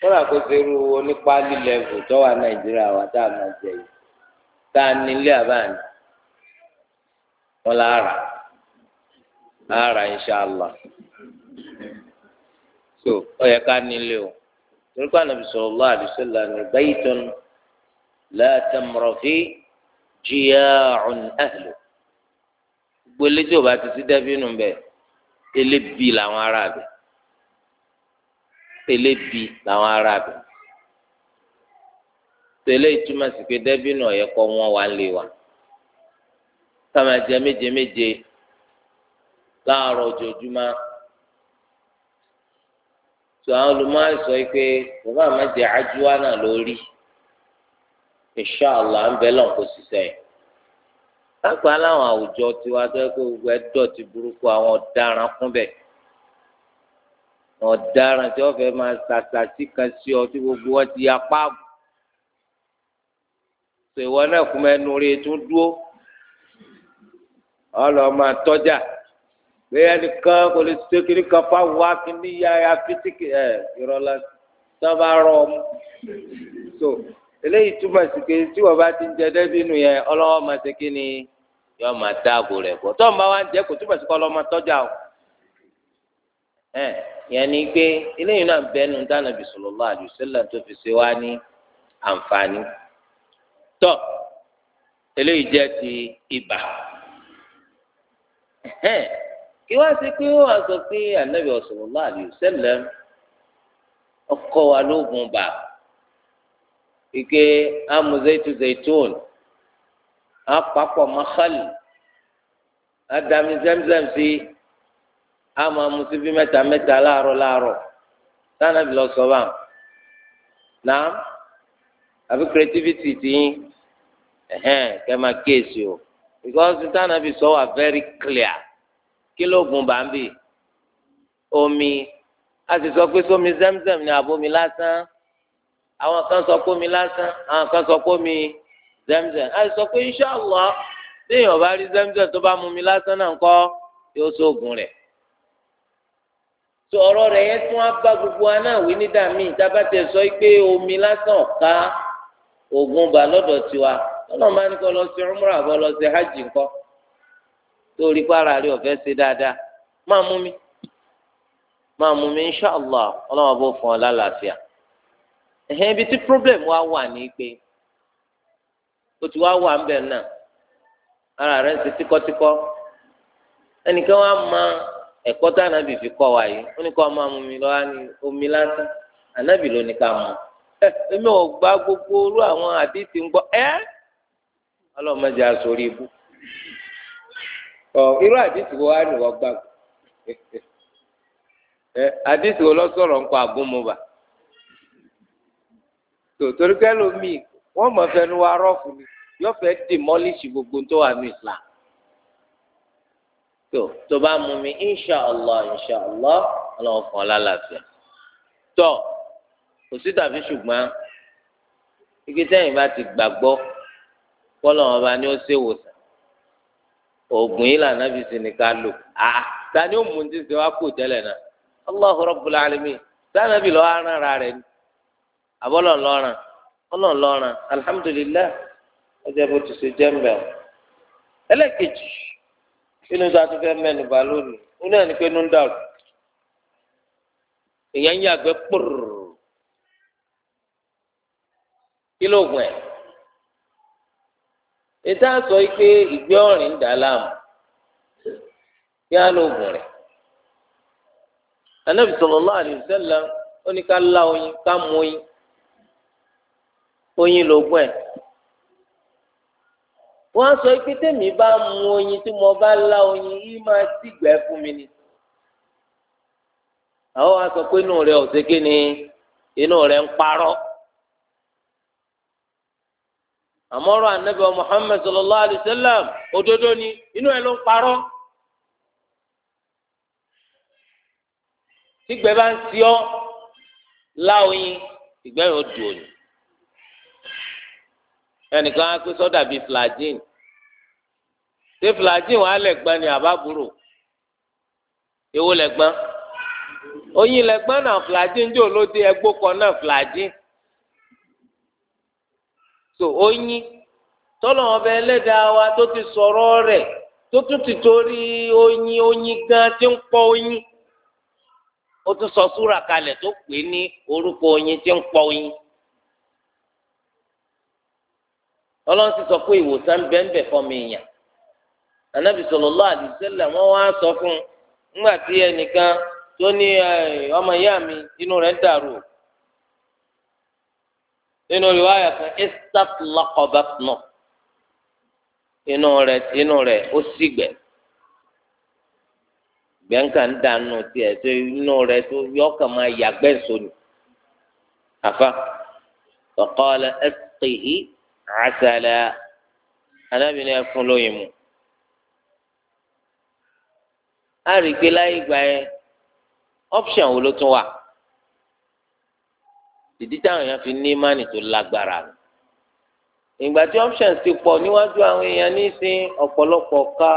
kóra kó serú onípa lílẹ̀vù nàìjíríà wa tá a máa jẹ yìí nílé ni wọn là á rà inṣàlá so ọ yẹ ká nílé o torí pé ànábì sallallahu la tamra fi jiya'un ahlu gbogbo eléjò bá ti sí dàbínù bẹ elébi làwọn ará bẹ elébi làwọn ará bẹ tẹlẹ ìtumọ̀ sí pé dàbínù ọ̀yẹ́ kọ́ wọn wà lé wa táwọn ẹ̀jẹ̀ méje méje láàárọ̀ ojoojúmọ́ tó àwọn olùmọ̀ àìsàn yìí pé bàbá àmàjẹ ajúwa náà lórí inṣàlá ń bẹ lọ́n kó ṣiṣẹ́ yẹn. lápá láwọn àwùjọ tiwa tó yẹ kó gbogbo ẹ dọ̀tí burúkú àwọn ọ̀daràn kún bẹ̀. ọ̀daràn tí wọ́n fẹ́ máa ṣàṣàṣì kan sí ọ tí gbogbo wọn ti ya páàbù. ṣèwọ náà kún mẹ́nu rí i tún dúró. ọlọ́ọ̀ máa tọ́jà pé ẹnìkan kò lè ṣe kiri kan fáwọn wá kí ní yáya fitikì ẹ̀ ìrọ̀lá sábà rọ̀ ọ́ so eléyìí túmọ̀ sí pé tí wọ́n bá ti ń jẹ dẹ́bínú yẹn ọlọ́wọ́ máa ṣe kí ni yọ máa dáàbò rẹ̀ bọ̀ tọ́ ń bá wa ń jẹ kò túmọ̀ sí pé ọlọ́mọ tọ́jà o ẹ̀ yẹn ni pé eléyìí náà bẹ́nu dáná bí sallallahu alaihi wasallam tó fi ṣe wá ní àǹfààní tọ́ eléyìí jẹ́ ti ibà kí wá sí pé wọ́n sọ pé ànábì sallallahu alaihi wasallam wa lóògùn bàbá ike amuzeitu zeitun akpakpọ mahali adami zemzem si ama musibi mẹ́ta mẹ́ta láàárọ̀ láàárọ̀ sanni abilọ sọba na, àbí creativity ti yín ẹhẹn kẹma o because sanni abi sọ wa very clear kí ló gun bá ń bì omi a sì sọ pé zemzem ni àbomi lásán àwọn kan sọ pé omi lásán àwọn kan sọ pé omi zemzem a sọ pé inṣàlá téèyàn bá rí zemzem tó bá mu mi lásán náà ńkọ́ yóò sóògùn rẹ̀ tó ọ̀rọ̀ rẹ̀ yẹn tún á bá gbogbo wa náà wí ní dàmí tábàtẹ sọ pé omi lásán ọ̀ka oògùn bá lọ́dọ̀ tiwa lọ́nà máa ní kọ́ lọ sí umrah àbọ̀ lọ sí hajj ńkọ́ torí para rí ọ̀fẹ́ ṣe dáadáa máa mú mi máa mú mi inṣàlá ọlọ́wọ́n bó fún ọ lálàáfíà ẹ̀hẹ́n ibi tí problem wa wà ní pé o ti wá wà ń bẹ̀ náà ara rẹ̀ ń ṣe tíkọ́tíkọ́ ẹnìkan wá ma ẹ̀kọ́ tá ànábì fi kọ́ wa yìí ó ní kó máa mu mi lọ́wọ́ ní omi lásán ànábì ló ní ká mu ẹ èmi ò gba gbogbo orú àwọn àdìsí ń gbọ́ ẹ́ ọlọ́mọdé asorí ibú ọ irú àdìsí wo wá ní wọ́n gbàgbọ́ àdìsí wo lọ́sọ̀rọ̀ ń kọ́ àgúnmu bàá tó torí pé ẹlòmíì wọ́n mọ̀ fẹnu wa rọ́ọ̀fù ni yóò fẹ́ demolish gbogbo tó wà ní islam tó tó bá mú mi inshàlá inshàlá ọlọ́run fún ọ lálàáfíà tó kò sí tàbí ṣùgbọ́n igi tẹ́yìn bá ti gbàgbọ́ kọ́lọ̀ ọba ni ó ṣe wòsàn oògùn yìí lànà fi sì ní ká lò á ta ni ó mú un ti ṣe wá kó tẹ́lẹ̀ náà Allahu Rabbul Alamin sáà nàbì lọ́wọ́ ara rẹ̀ ni. àbọ̀lọ̀ lọ́ràn ọlọ́ lọ́ràn alihamudulilayi ọjọ́ bó ti ṣe jẹ́ mbẹ́ o ẹlẹ́kejì inú tó a ti fẹ́ mẹ́nu bá lónìí ó náà ní pé inú ń dàrú èèyàn ń yàgbẹ́ kpòrò kí ló gùn ẹ̀ ètò àsọ yìí pé ìgbẹ́ ọ̀rìn ń dà láàmú kí á ló oyin gbọ́ ẹ̀ wọ́n sọ pé tèmi bá mu oyin tí mo bá la oyin yìí máa sígbẹ́ fún mi ni àwọn wa sọ pé inú rẹ ò ni inú rẹ ń parọ́ àmọ́rọ̀ anabi muhammed sallallahu alayhi wa sallam ni inú ẹ ló ń bá ń sí ọ́ ìgbẹ́ yóò dùn ẹnìkan á pé sọ́dà bíi flagin ṣé flagin wàá lẹ̀gbọ́n ni àbábúrò èwo lẹ̀gbọ́n oyin lẹ̀gbọ́n náà flagin jò lóde ẹgbó kan náà flagin so oyin tọ́lọ̀ ọbẹ̀ ẹlẹ́dàá wa tó ti sọ̀rọ̀ rẹ̀ tó tún ti torí oyin oyin gan ti ń pọ̀ oyin ó tún sọ súra kalẹ̀ tó pè ní orúkọ oyin ti ń pọ̀ oyin. ọlọ́run ti sọ pé ìwòsàn bẹ́ẹ̀nbẹ́ fọmọ èèyàn anabi sallallahu alaihi wasallam wọ́n wá sọ fún ní ọmọ ìyá mi inú rẹ dàrú inú rẹ̀ wáyà kan náà inú rẹ̀ inú rẹ ó sì gbẹ gbẹ̀ǹkà dànù tiẹ̀ tó inú rẹ tó yọkàn asala anábìrin ẹfun lóyìn mu àrígbé láyé gba ẹ option wo ló tún wà ìdí táwọn èèyàn fi ní mánì tó lágbára rẹ ìgbà tí options ti pọ̀ níwájú àwọn èèyàn ní sí ọ̀pọ̀lọpọ̀ ká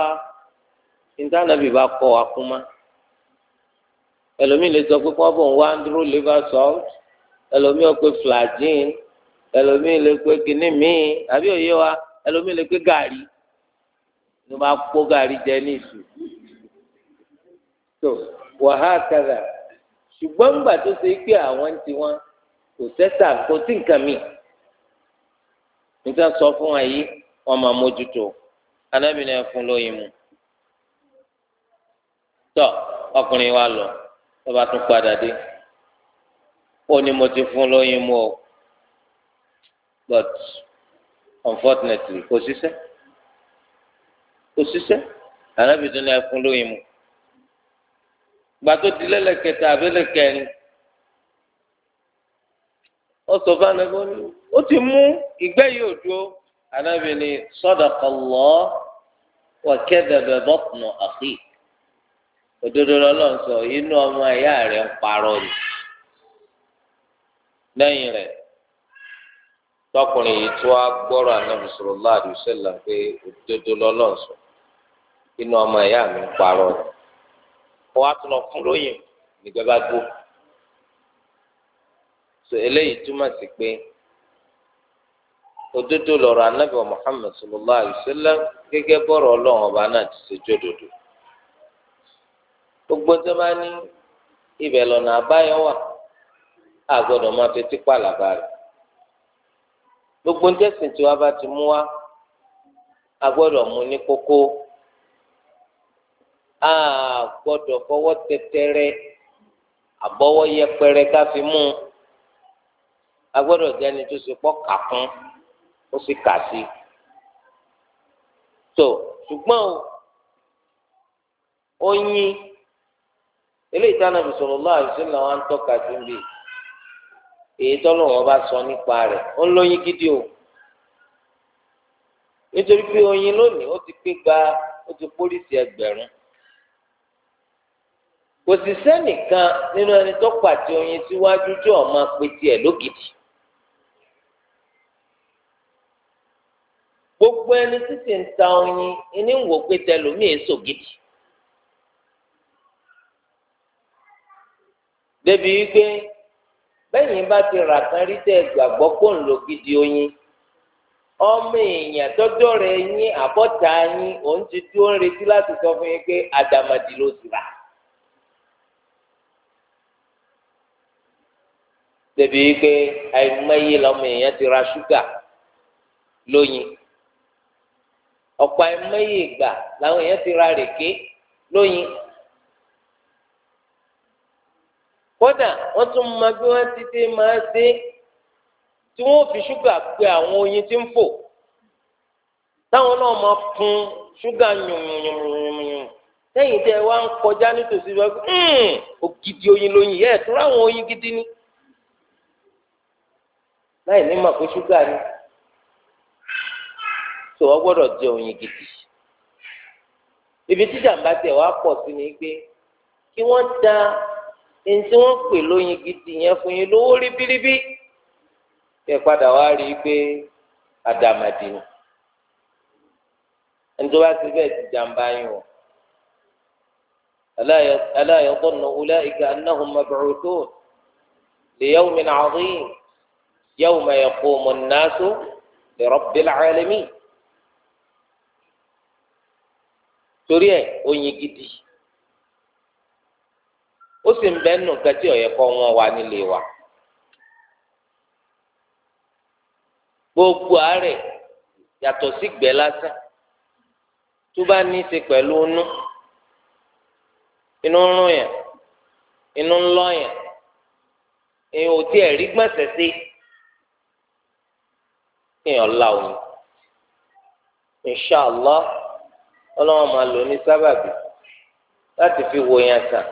ìtànàbì bá kọ akúmá ẹlòmíì lè sọ pé kí wọn bò ń wá ń liver salt ẹlòmíì ó pe ẹlòmíì lè pé kinní míì àbí òye wa ẹlòmíì lè pé gàrí ló máa kó gàrí jẹ ní ìsù tó wàhálà kàdà ṣùgbọ́n ńgbà tó ṣe pé àwọn ti wọn kò sẹ́sà kò sí nǹkan míì nígbà sọ fún wa yìí wọn máa mójútó anábìnrin ẹfun lóyún mu tọ ọkùnrin wa lọ tó bá tún padà dé ó ní mo ti fún lóyún mu o but unfortunately kò ṣiṣẹ́ kò ṣiṣẹ́ anábìdún ni ẹkún lóyún mu gbàtó di lẹ́lẹ́kẹta àbẹ́lẹ́kẹrin ó sọ fún anagbọ́n ó ti mú ìgbẹ́ yìí ò dúró anábìdún sadaqallah wa kadhaba batnu akhi òdodo sọ inú ọmọ ẹ̀yà rẹ̀ ń parọ́ tọkùnrin yìí tó wá gbọ́rọ̀ ànábì sallallahu alaihi wasallam pé òdodo lọ́lọ́ sọ inú ọmọ ẹ̀yà mi ń parọ́ wá tún lọ fún lóyìn nígbà bá gbó so eléyìí túmọ̀ sí pé òdodo lọ̀rọ̀ ànábì Muhammad sallallahu gẹ́gẹ́ bọ́rọ̀ ọlọ́run ọba gbogbo ntẹ́sìn tí wàá bá ti mú wa a gbọ́dọ̀ mú ní kókó a gbọ́dọ̀ fọwọ́ tẹtẹrẹ àbọ̀wọ́ yẹpẹrẹ ká fi mú a gbọ́dọ̀ jẹ́ni tó ṣe pọ́ kà fún ó sì kà sí tó ṣùgbọ́n o oyin eléyìí tí Ànábì sallallahu alaihi wasallam ń tọ́ka sí bíi. èyí tọ́lọ̀ wọn bá sọ nípa rẹ ó ń lóyún gidi o nítorí pé oyin lónìí ó ti pé gba ó ti pólísì ẹgbẹ̀rún kò sì sẹ́nìkan nínú ẹni tó pàtẹ oyin síwájú tí ọ̀ máa pe tiẹ̀ lógidì gbogbo ẹni tí sì ń ta oyin ẹni ń wò pé tẹlómi èso gidi débi wípé. bẹ́yìn bá ti rà kan rí tẹ́ gbàgbọ́ kó ń lo gidi oyin ọmọ èèyàn tọ́jọ́ rẹ̀ yín àbọ̀tà yín òun ti ń retí láti sọ fún yín pé àdàmàdì ló ti rà. tẹ̀bí pé àìmọye èèyàn ti ra ṣúgà lóyin ọ̀pọ̀ àìmọye ìgbà làwọn èèyàn ti ra rèké lóyin. kódà wọ́n tún mọ bí wọ́n ti dé máa dé tí wọ́n fi ṣúgà pe àwọn oyin tí ń fò táwọn náà máa fún ṣúgà yùnyùnyùnyùn lẹ́yìn tẹ́ wá ń kọjá nítòsí wọ́n fi ògidì oyin lóyin yẹ́ ẹ̀ tó ráwọn oyin gidi ni láì ní mọ̀ pé ṣúgà ni tó wọ́n gbọ́dọ̀ jẹ oyin gidi ibi tí jàǹbá tẹ̀ wá pọ̀ sí ni pé kí wọ́n da ẹni tí wọ́n pè lóyin gidi yẹn fún yín lówó ribiribi kẹ padà wá rí i pé àdàmàdì ni ẹni tó ti bẹ́ẹ̀ ti jàǹbá yín o ألا يظن أولئك أنهم مبعوثون ليوم عظيم يوم يقوم الناس لرب العالمين torí ẹ oyin gidi ó sì ń bẹ nù kẹtí ọ̀yẹ́ kọ́ wọn wà nílé wa gbogbo àárẹ̀ yàtọ̀ sí gbẹ́ lásán tó bá ní í ṣe pẹ̀lú inú inú ń rún yẹn inú ń lọ yẹn èèyàn ò tí ẹ̀ rí gbọ̀nsẹ̀ sí kéèyàn la òun inṣàlá ọlọ́wọ́n máa lò ní sábàbí láti fi wo yẹn sàn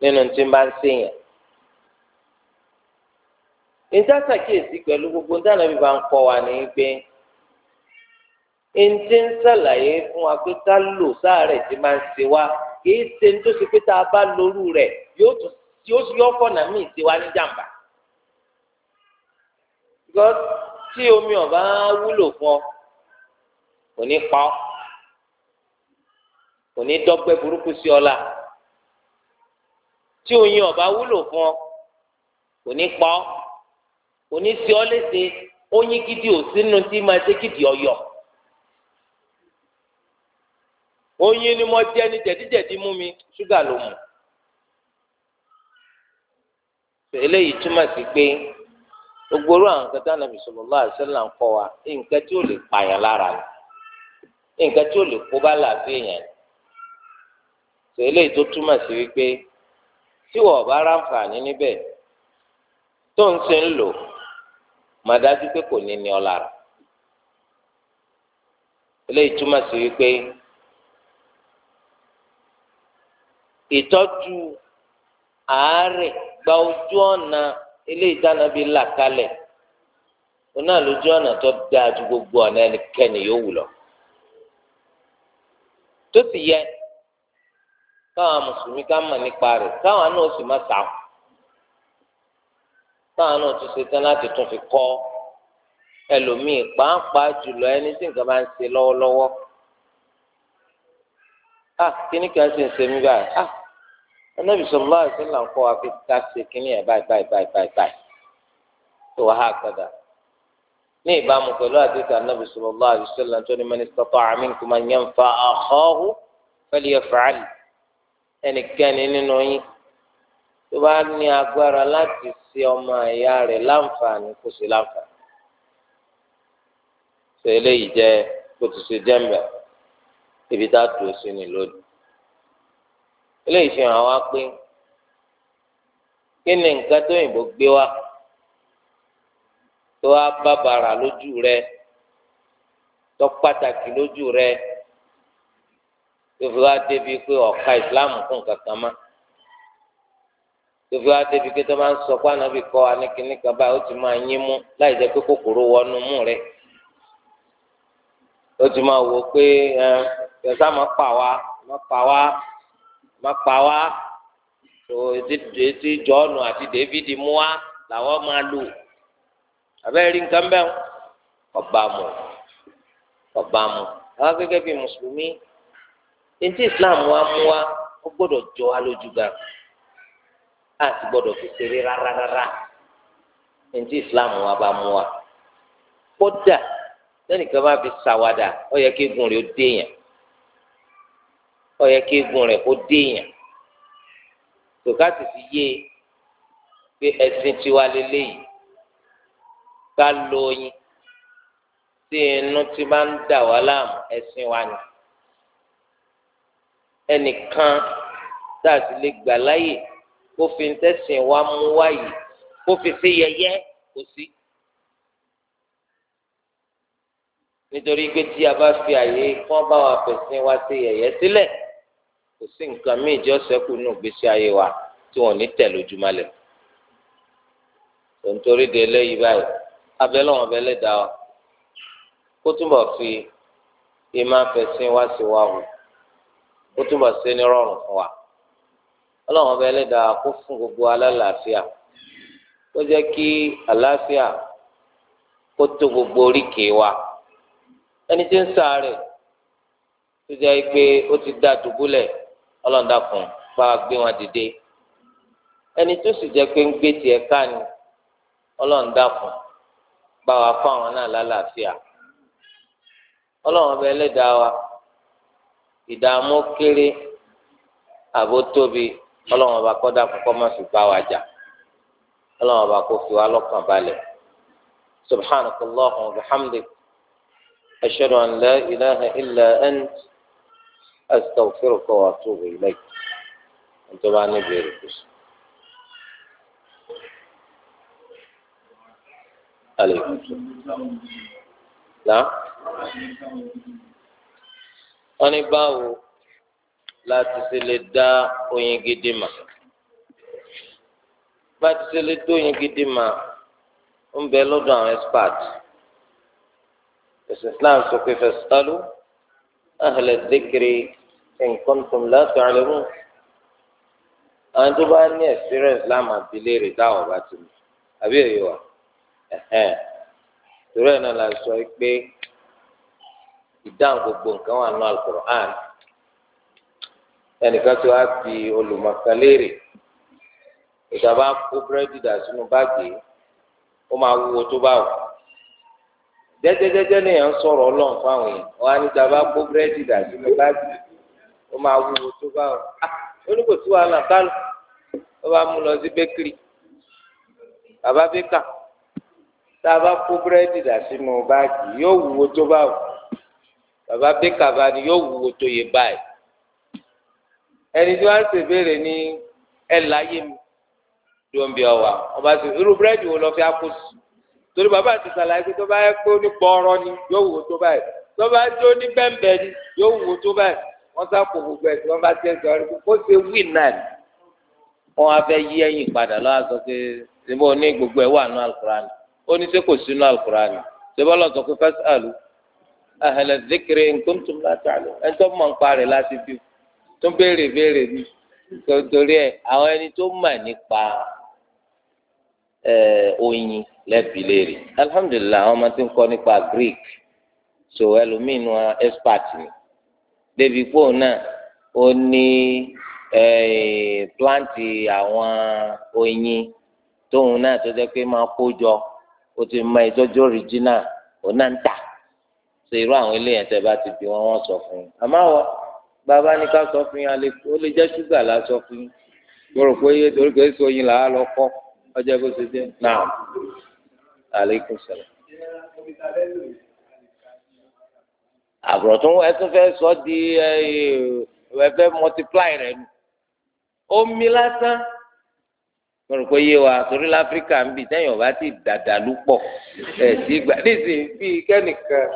nínú tí ń bá ń ṣèyàn. níta ṣàkíyèsí pẹ̀lú gbogbo níta náà bí bá ń kọ́ wa ní pé ntí ń ṣàlàyé fún wa pé ká lò sáàrẹ̀ tí máa ń ṣe wá kìí ṣe ní tó ṣe pé tá a bá lórú rẹ̀ yóò tún tí ó yọ fọ̀nà míì ṣe wá ní jàǹbá. tí omi ọ̀bá wúlò fún ọ kò ní pa ọ́ kò ní dọ́gbẹ́ burúkú sí ọ la tí oyin ọba wúlò fún ọ kò ní pa ọ kò ní sí ọ léṣe oyin gidi ò sínú tí máa ṣe gidi ọyọ oyin ni mo jẹ ni jẹ̀díjẹ̀dí mú mi ṣúgà ló mú eléyìí túmọ̀ sí pé gbogbo orú àwọn nǹkan tí Ànábì sallallahu alaihi wasallam ń kọ́ wa nǹkan tí ò lè pààyàn lára ni nǹkan tí ò lè kó bá làbí èèyàn ni eléyìí tó túmọ̀ sí wípé tí wọ́n bá ráǹfààní níbẹ̀ tó ń ṣe ń lò máa dájú pé kò ní ní ọ lára eléyìí túmọ̀ sí wípé ìtọ́jú àárẹ̀ gba ojú ọ̀nà eléyìí dáná bíi là kalẹ̀ oná lójú ọ̀nà tó dáa ju gbogbo ọ̀nà ẹnikẹ́ni yóò wù lọ tó sì yẹ. káwọn mùsùlùmí ká mọ̀ nípa rẹ̀ káwọn náà sì má sàkó káwọn náà tún ṣetán láti tún fi kọ́ ẹlòmíì pàápàá jùlọ ẹni tí nǹkan bá ń ṣe lọ́wọ́lọ́wọ́ ah kíní kan sì ń ṣe mí báyìí ah ẹnẹ́bí sọ̀rọ̀ àti làǹkọ́ wa fi ká ṣe kíní ẹ̀ báyìí báyìí báyìí báyìí báyìí tó wàá hà padà ní ìbámu pẹ̀lú àdéhùn anábì sọ̀rọ̀ àti sọ̀rọ̀ àti sọ̀rọ̀ àti sọ̀rọ̀ àmì kùmà yẹn fa àkọ́hù fẹ́lẹ́ yẹ fàálì ẹnikẹ́ni nínú yín tó bá ní agbára láti ṣe ọmọ ẹ̀yà rẹ̀ láǹfààní kò sí láǹfààní. sọ eléyìí jẹ́ kó tó ṣe jẹ́mbà ibi tá a tó sí ni lónìí. eléyìí fi hàn wá pé kí ni nǹkan tó yìnbó gbé wá tó wá bá bàrà lójú rẹ tó tó fi wá débi pé ọ̀ka ìsìláàmù kún kankan má tó fi wá débi pé tó máa ń sọ pé ànábì kọ́ anìkíní kan báyìí ó ti máa yín mú láì jẹ́ pé kòkòrò wọnú mú rẹ̀ ó ti máa wò pé ẹ̀sán máa pa wá máa pa wá máa pa wá tó etí jọ́ọ̀nù àti dèvidì mú wá làwọn máa lò àbẹ́rẹ́ rí nǹkan bẹ́ẹ̀ ọba mu àwọn gẹ́gẹ́ bíi mùsùlùmí ètò islam wa mú wa ó gbọ́dọ̀ jọ wa lójú ga a ti gbọ́dọ̀ fi ṣeré rárá rárá islam wa bá mú wa kódà lẹ́nìkan bá fi ṣàwádà ó yẹ kí egun rẹ̀ ó déèyàn ó yẹ kí egun rẹ̀ ó déèyàn tòká ti fi yé pé ẹ̀sìn tiwa lélẹ́yìí ká lo tí inú ti máa ń dà wá láàmú ẹ̀sìn wa ni ẹnìkan tá a sì lè gbà láyè kó fi ń tẹ̀sìn wa mú wáyè kó fi ṣe yẹ̀yẹ́ kò sí. nítorí pé tí a bá fi àyè kán bá wa fẹ̀sìn wa ṣe yẹ̀yẹ́ sílẹ̀ kò sí nǹkan míì jẹ́ ọ̀sẹ́kù nù gbèsè ayé wa tí wọ́n ní tẹ̀ lójúmọ́lẹ̀. tòǹtòrí de eléyìí báyìí abẹ́lẹ́ wọn bẹ́lẹ́ dá wa kó túbọ̀ fi ìmáfẹ̀sìn wa sí wa wò. ó túbọ̀ ṣe ní rọrùn fún wa ọba ẹlẹ́dàá kó fún gbogbo alálàáfíà ó jẹ́ kí àlàáfíà kó tó gbogbo oríkèé wa ẹni tí ń ṣàárẹ̀ tó jẹ́ pé ó ti dá dùbúlẹ̀ bá gbé wọn dìde ẹni tó sì jẹ́ pé ń gbé ìdààmú kéré àbó tóbi ọlọ́run ọba kọ́ dákun kọ́ má fi bá wa jà ọlọ́run ọba kò fi wa lọ́kàn balẹ̀ subhanaka allahumma wa bihamdik ashhadu an la ilaha illa ant astaghfiruka wa atubu ilayk nítorí wàá níbi èrè kùsù. Aleykum wọ́n ní báwo láti ṣe lè dá oyin gidi mà bá ti ṣe lè dá oyin gidi mà ń bẹ lọ́dọ̀ àwọn expert ẹ̀sìn Islam sọ pé fẹsítálù ahla dhikri in kuntum la ta'lamun àwọn tó bá ní experience láàmú àbílẹ̀ rẹ̀ dáwọ̀ bá ti mú àbí èyí wa torí ẹ̀ náà la sọ pé ìdáhùn gbogbo nǹkan wà nù alukur'an ẹnìkan tó wá fi olùmọ̀kànlérè ìjọba kó búrẹ́dì dà sínú báàgì ó máa wúwo tó bá wù jẹ́jẹ́jẹ́jẹ́ nìyẹn ń sọ̀rọ̀ ọlọ́run fáwọn èèyàn wọn á ní ìjọba kó búrẹ́dì dà sínú báàgì ó máa wúwo tó bá wù ah! ó ní kò sí wàhálà kálù ó bá mú lọ sí bẹ́kìrì bàbá bẹ́kà tá a bá kó búrẹ́dì dà sínú báàgì yóò wúwo tó bá wù bàbá bíkà bá ní yóò wúwo tó yẹ báyìí ẹni tí wọ́n ṣe béèrè ní ẹ láyé mi ló ń bí ọ wà ọba sì irú búrẹ́dì wo lọ fi àpò sí torí bàbá àti sàlàyé pé tó bá yẹ pé ní pọ̀ọ́rọ́ ni yóò wúwo tó báyìí tó bá jó ní bẹ́ńbẹ́ ni yóò wúwo tó báyìí wọ́n sá kó gbogbo ẹ̀sìn wọ́n bá tiẹ̀ sọ ọ́ kó ṣe wí náà ni wọ́n á fẹ́ yí ẹ̀yìn padà lọ́wọ́ sọ pé níbo ní gbogbo ẹ̀ wà nù alukurani ó ní sẹ́ kò sínú alukurani ṣé bọ́lá sọ pé fẹ́ sàlù ahẹlẹ zikiri nkomtum láti àlọ ẹni tó mọ̀ nípa rẹ̀ láti bí tó béèrè béèrè bí torí ẹ àwọn ẹni tó mọ̀ nípa oyin lẹbi léèrè alihamudulilayi àwọn ọmọ tí ń kọ́ nípa greek so ẹlòmíín nu expert ni débi pò náà ó ní planti àwọn oyin tóun náà tó jẹ́ pé máa kó jọ ó ti mọ̀ ìtọ́jú original òun náà ń tà ṣe irú àwọn eléyàn tẹ bá ti bí wọn wọn sọ fún yín àmọ́ àwọn bàbá ní ká sọ fún yín alẹ ó lè jẹ ṣúgà la sọ fún yín mo rò pé iye torí pé èso yín là á lọ kọ ọjọ́ bó ṣe jẹ náà aleykum salaam. àbùrọ̀tún ẹ tún fẹ́ sọ di ẹ fẹ́ rẹ nù omi lásán mo pé iye wa torí láfíríkà ń bì sẹ́yìn ọ̀bá ti dàdà lúpọ̀ ẹ̀ sí gbà nísìnyí bíi kẹ́nìkan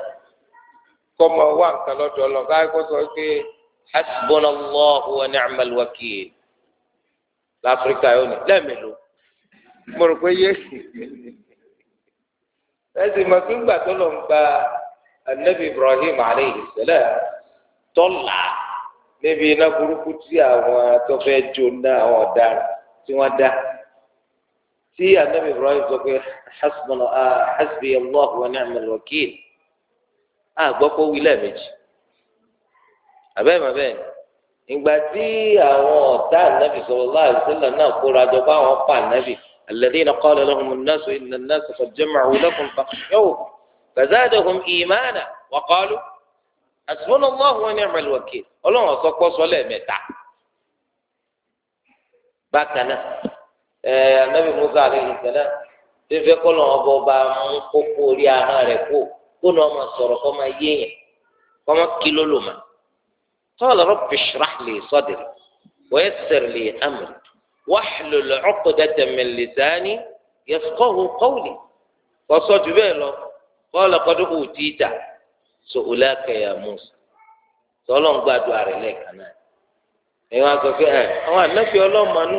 kọ́ mọ wá nǹkan lọ́dọ̀ lọ káyọ̀ kó sọ pé hasbunallahu wa ni'mal wakil láfíríkà yóò ní lẹ́ẹ̀mẹ́lò mo rò pé yé ẹsìn mọ̀ kí ngbà tó lọ ń gba anabi ibrahim aleyhi sẹlẹ̀ tọ́lá níbi iná burúkú tí àwọn tó fẹ́ jóná àwọn ọ̀daràn tí wọ́n dá tí anabi ibrahim sọ pé hasbunallahu wa ni'mal wakil àgbọ́ kó wí lẹ́ẹ̀mejì àbẹ́ẹ̀ mọ̀ bẹ́ẹ̀ ìgbà tí àwọn ọ̀tá ànábì sallallahu alaihi wasallam náà kóra jọ bá àwọn pa ànábì alladhina qala lahumu an-nasu inna an-nasa qad jama'u lakum fakhshawhum fazadahum imana wa qalu hasbunallahu wa ni'mal wakeel ọlọ́run ọ̀sọ́ pọ́ sọ́lẹ̀ mẹ́ta bákan náà ànábì Musa alayhi salam fífẹ́ kọ́ lọ́wọ́ bọ́ bá kó ní ọmọ sọ̀rọ̀ kọ́ máa yé yẹn kọ́ máa kí ló lò mà qala rabbi shrah li sadri wa yassir li amri wahlul uqdatan min lisani yafqahu qawli kọ́ sọ jù bẹ́ẹ̀ lọ qala qad utita su'ulaka ya Musa sọlọ́n gbàdúrà rẹ̀ lẹ́ẹ̀kan náà ẹ̀yin wá sọ pé ẹ̀ àwọn ànáfi ọlọ́mọnú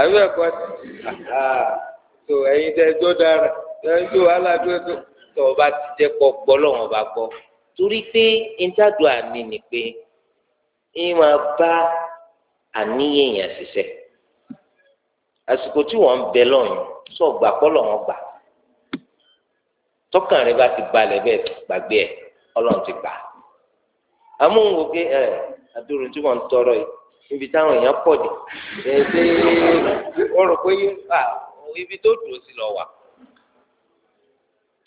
àbí ẹ̀kọ́ tó ah, ẹ̀yin tẹ́ ẹjọ́ dára ẹ̀yin tó wàhálà tó tó tó o bá ti jẹ́ kọ́ gbọ́ lọ́wọ́n bá gbọ́ torí pé ìjádùn àní ni pé ń máa bá àníyàn yẹn ṣiṣẹ́ àsìkò tí wọ́n ń bẹ lọ́yìn sọ gbà pọ́ lọ́wọ́n gbà tọkàn rẹ bá ti balẹ̀ bẹ́ẹ̀ gbàgbé ẹ̀ ọlọ́run ti gbà amóhùnwò pé ẹ àdúró tí wọ́n ń tọrọ yìí níbi táwọn èèyàn pọ̀ dé ẹ ṣe wọ́n rò pé ibi tó dùn sí lọ wà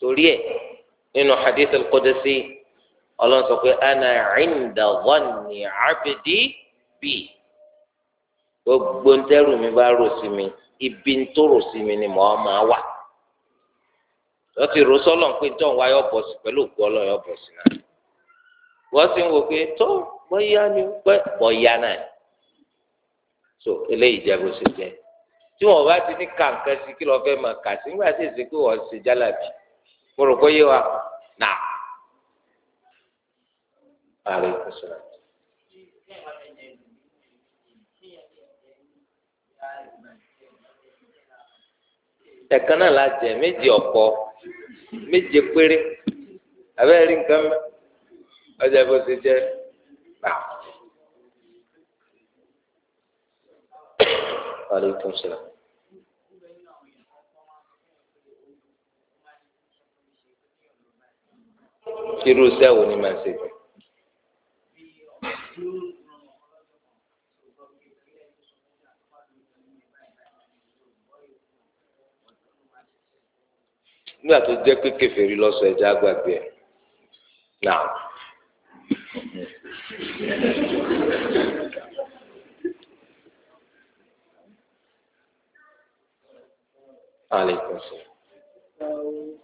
torí ẹ̀ nínú hadith al-qudsi ọlọ́run sọ pé ana inda dhanni abdi bi gbogbo ntẹ́rù mi bá rò sí mi ibi ń tó rò sí mi ni màá máa wà wọ́n ti rò sọ́lọ̀ pé jọ́ wa yọ bọ̀ sí pẹ̀lú òkú ọlọ́run yọ bọ̀ sí náà wọ́n sì ń wò pé tó bọ́yá ni pẹ́ bọ́yá náà so eléyìí jẹ́ bó ṣe jẹ́ tí wọ́n bá ti ní kàǹkan sí kí lọ́ọ́ fẹ́ máa kà sí nígbà tí èsì pé wọ́n ṣe jálàbí mo rò pé yé wa nà. Ẹ̀kan náà la jẹ méje ọ̀pọ̀ méje péré abẹ́ rí nǹkan mẹ́ ọjà bó ṣe jẹ́ nà. Ààrẹ kò irú iṣẹ́ wo ni màá ṣe jù. nígbà tó jẹ́ pé kèfèrí lọ́sọ̀ ẹ̀já gbàgbé ẹ̀ náà. Aleykum salaam.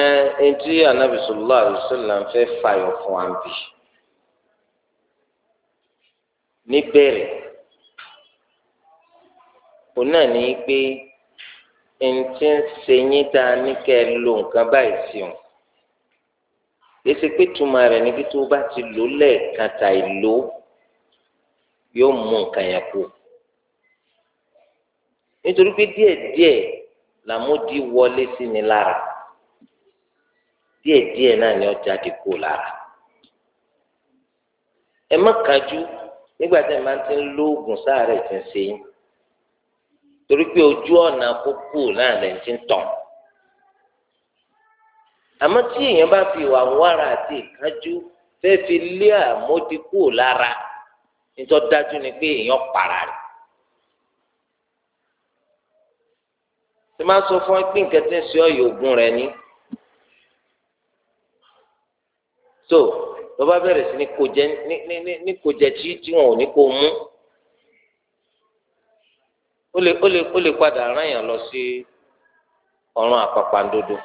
ẹ ẹtí anabi sọlá àlùsọlá ń fẹ́ fàyọ fún wa bì níbẹ̀rẹ̀ òun náà ní pé ntí ń ṣe a dá ní kẹ́ ẹ lo nǹkan báyìí sí o lẹsẹ pé túmọ̀ rẹ̀ níbi tó bá ti lò lẹ́ẹ̀kan tà ìlò yóò mú nǹkan yẹn kú. nítorí pé díẹ̀díẹ̀ làmúdi wọlé sí ni lára díẹ̀díẹ̀ náà ni ọjà ti kó lára ẹ má kájú nígbà tí ẹ máa ti ń lo oògùn sáàrẹ̀ tí ń ṣe yín torí pé ojú ọ̀nà àkókò náà lẹ̀ ti ń tàn àmọ́ fi ìwà àti ìkájú fẹ́ẹ́ fi lé lára nítorí ni pé èèyàn tí máa sọ fún ẹ pé nǹkan tí ń sọ yìí oògùn rẹ ni so tó bá bẹ̀rẹ̀ sí ní kò jẹ ní ní ní kò jẹ tí tí wọn ò ní kò mú ó lè ó lè ó lè padà rán yàn lọ sí ọ̀run àpàpàǹdodo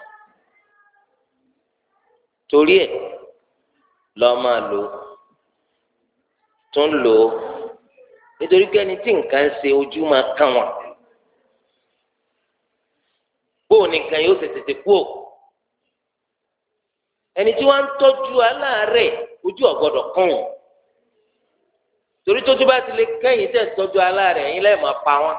torí ẹ̀ lọ máa lò tún lò nítorí pé ẹni tí nǹkan ń ṣe ojú máa kàn wọn bóun nìkan yóò ṣe tètè kú ò ẹni tí wọn ń tọ́jú aláàárẹ̀ ojú ọgbọdọ kàn wọn torí tójú bá ti lè kẹyìn tẹ tọ́jú aláàárẹ̀ yín lẹẹ máa pa wọn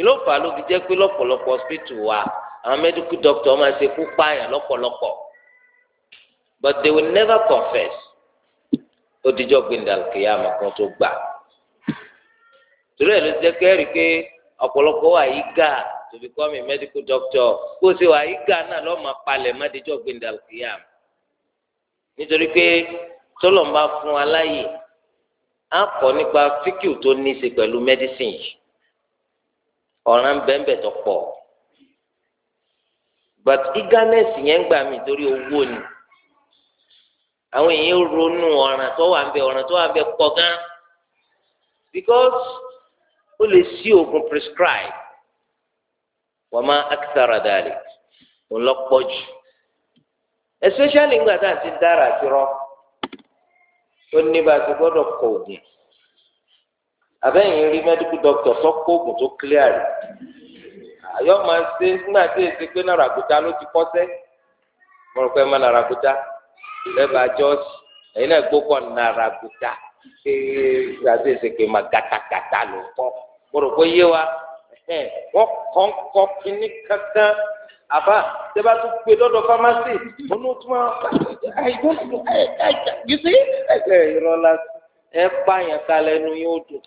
ìlọ́fà ló fi jẹ́ pé lọ́pọ̀lọpọ̀ hospital wa àwọn medical doctor máa ṣe kú pààyàn lọ́pọ̀lọpọ̀ but they will never confess ó dijọ́ gbendàlùkìyà àmọ̀kan tó gbà torí ẹ̀ ló jẹ́ pé ẹ̀rí pé ọ̀pọ̀lọpọ̀ wà yí gáà to become a medical doctor kó o ṣe wà yí Ghana lọ́mọ palẹ̀ mọ́dẹ́jọ́ gbẹ̀ndàlùkìyàm nítorí pé tọ́lọ̀ ń bá fún aláyè á kọ́ nípa fíkìú tó ní í ṣe pẹ̀lú mẹ́dísìn yìí ọ̀ràn bẹ́ẹ̀ tó pọ̀ but eagerness yẹn gbà mí torí owó ni àwọn èèyàn ronú ọ̀ràn tó wà ń bẹ ọ̀ràn tó wà ń bẹ pọ̀ gan because ó lè sí oògùn prescribe wa ma akthara dhalik òun lọ pọ̀ jù especially ńgbà tá à ń ti dára sí rọ ó ní bá a ti gbọ́dọ̀ kọ ògùn àbẹ́yìn rí medical doctor sọ kó oògùn tó clear rẹ̀ àyọ̀ máa ń ṣe nígbà tí èsì pé náírà kúta ló ti kọ́sẹ́ mo rò pé má náírà kúta lẹ́bàá jọ́ọ̀sì èyí náà gbókọ̀ náírà kúta ṣé àti èsì pé má gàtàgàtà ló kọ́ mo rò pé yé wa ẹ wọn kàn kọ kínní kankan àbá tẹ́bá tún gbé lọ́dọ̀ fámásì ònú tún máa àìgbọ́dọ̀ àìjà gbèsè ẹ̀jẹ̀ ìrọ̀lá ẹ pààyàn kalẹ̀ nu yóò dùn.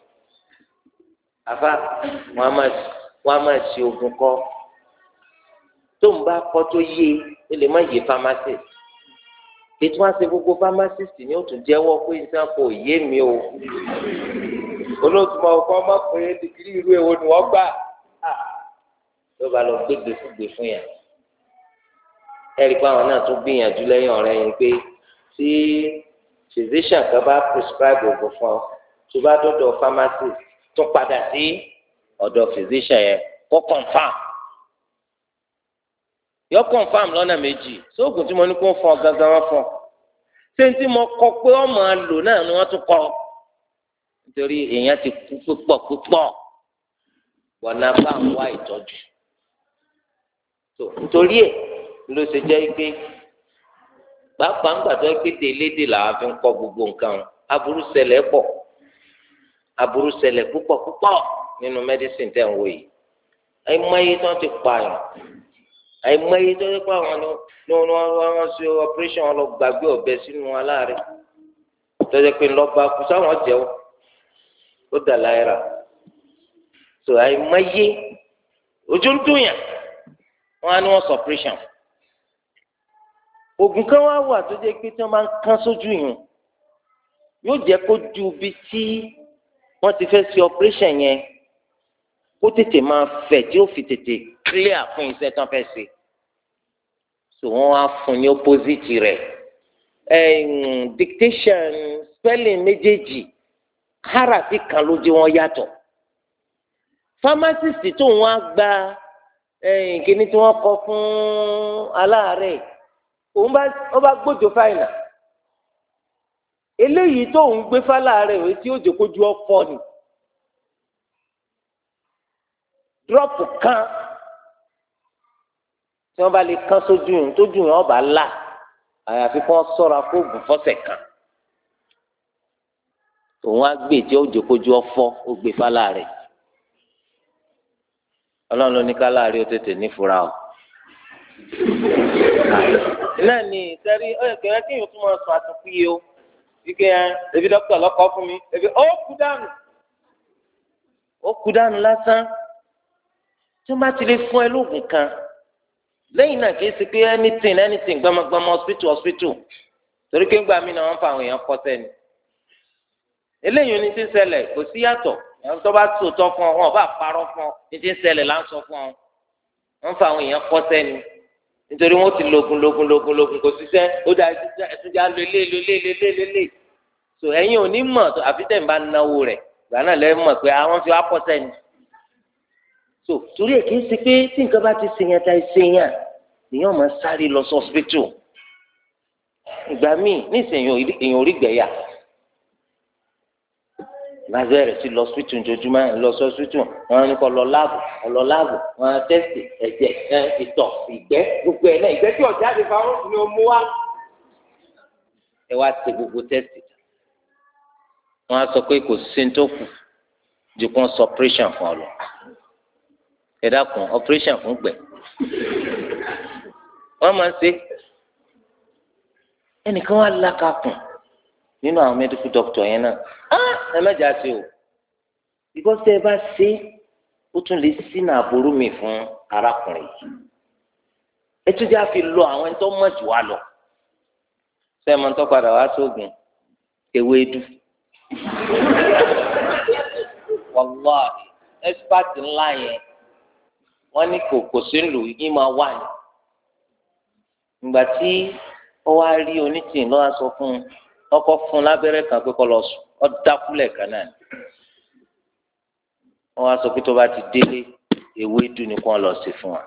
àbá wọn a máa wọn a máa ṣe oògùn kọ tó ń bá kọ tó yé e lè má yé fámásì ètò wá sí gbogbo fámásì ní ó tún jẹ́wọ́ pé nǹkan kò yé mi o olóòtú máa kọ́ ọmọkùnrin dìgírí irú èwo ni wọ́n gbà yóò bá lọ gbégbé fún gbé fún yà ẹ̀rí pé àwọn náà tún gbìyànjú lẹ́yìn ọ̀rẹ́ yẹn pé tí physician kan bá prescribe oògùn fún ọ tó bá dọ́dọ̀ pharmacist tún padà sí ọ̀dọ̀ physician yẹn kó confam yọ confam lọ́nà méjì sóògùn tí mo ní kó fún ọ gangan wọn fún ọ ṣé ní tí mo kọ pé ọmọ àlò náà ni wọ́n tún kọ nítorí èèyàn ti kú púpọ̀ púpọ̀ wọ́n náà bá ń wá ìtọ́jú tó nítorí ẹ̀ ló ṣe jẹ́ pé pàápàá ń gbàdúrà pé tèlédè làwọn fi ń kọ́ gbogbo nǹkan o aburú ṣẹlẹ̀ pọ̀ aburú ṣẹlẹ̀ púpọ̀ púpọ̀ nínú mẹ́dísìn tẹ̀ ń wò yìí àìmọye tó ti pààyàn àìmọye tó ti pààyàn ni wọn wọn ṣe operation wọn lọ gbàgbé ọ̀bẹ sínú aláàárẹ̀ tọ́jà pé ńlọ́ba kù sáwọn jẹun ó dà láyra tó àìmọye ojú ń dùn yàn wọn á ní wọn sọpírẹ́ṣàn oògùn kan wá wà tó jẹ́ pé tí wọ́n máa ń kán sójú yìí yóò jẹ́ kó ju ibi tí wọ́n ti fẹ́ ṣe ọpírẹ́ṣàn yẹn kó tètè máa fẹ̀ tí ó fi tètè clear fún iṣẹ́ tí wọ́n fẹ́ ṣe so wọ́n wá fún ní opposite rẹ̀ dictation spelling méjèèjì káràtì kan ló jẹ́ wọ́n yàtọ̀ pharmacist tó ń wá gba kíní tí wọ́n kọ fún aláàárẹ̀ òun bá ó bá gbójò fáìnà eléyìí tó ń gbé fáláàárẹ̀ òun tí ó jòkójú ọ̀fọ̀ ni dírọ́pù kan tí wọ́n bá lè kán sójú yìí tójú yìí ọba là àyàfi kí wọ́n sọ́ra kó gùn fọ́sẹ̀ kan òun á gbé tí ó jòkójú ọ̀fọ̀ ó gbé fáláàárẹ̀ ọlọ́run ló ní ká láàrin ó tètè nífura o. náà ni sẹ́rí ó yẹ kẹ́rẹ́ kí yóò tún máa sùn àtúnkù yìí o ike ẹ ebi dókítà lọkọ fún mi ebi ó kú dànù ó kú dànù lásán tí wọ́n bá ti lè fún ẹ lóògùn kan lẹ́yìn náà kìí ṣe pé anything anything gbọmọgbọmọ hospital hospital torí pé ń gbà mí náà wọ́n fa àwọn èèyàn kọ́ sẹ́ni eléyìí ní ti ṣẹlẹ̀ kò sí yàtọ̀ ẹ̀rọ tó bá sòtọ́ fún ọ wọn ò bá parọ́ fún ọ ní ti ń ṣẹlẹ̀ là ń sọ fún ọ wọn fa àwọn èèyàn kọ́ sẹ́ni nítorí wọn ti lògùn lògùn lògùn lògùn kò síṣẹ́ ó dá ẹtún já lélẹ̀ lélẹ̀ lélẹ̀ lélẹ̀ so ẹ̀yin ò ní mọ̀ àfi tẹ̀ ń bá náwó rẹ̀ ìgbà náà lẹ́ mọ̀ pé àwọn fi wá kọ́ sẹ́ni so torí ẹ̀ kì í ṣe pé tí nǹkan bá ti ṣèyàn ta ìṣèyàn èèyàn máa sáré lọ sọ́spítù ìgbà míì ní ìsìn èèyàn ìbáṣẹ rẹ sí lọ síwítù ojoojúmọ́ lọ sọ síwítù wọn ní kọ lọ láàbù ọlọ láàbù wọn tẹsítì ẹ̀jẹ̀ ìtọ̀ ìgbẹ́ gbogbo ẹ náà ìgbẹ́ tí ọjà ti fa oṣù ni ó mú wá. ẹ wá ṣe gbogbo tẹsítì wọn á sọ pé kò sí ní tó kù ju kàn operation fún ọ lọ ẹ dákun operation fún gbẹ wọn máa ń ṣe ẹnìkan wà lákàkùn. nínú àwọn medical doctor yẹn náà ah! ẹ má jà sí o because tẹ ẹ bá ṣe ó tún lè sínú àbúrú mi fún arákùnrin yìí ẹ tún fi lọ àwọn ẹni tó mọ̀ jù wá lọ ṣé tó padà wá sóògùn ewédú wàláhì expert ńlá yẹn wọ́n ní kò kò sí lù yín máa wà ní ìgbà tí ó wá rí onítìǹ lọ́wọ́ sọ fún un. ọkọ fún lábẹ́rẹ́ kan pé kó lọ sùn ọ dákúlẹ̀ kan náà ni wọ́n wá sọ pé tó bá ti délé ewé dùn ní kó lọ sí fún wa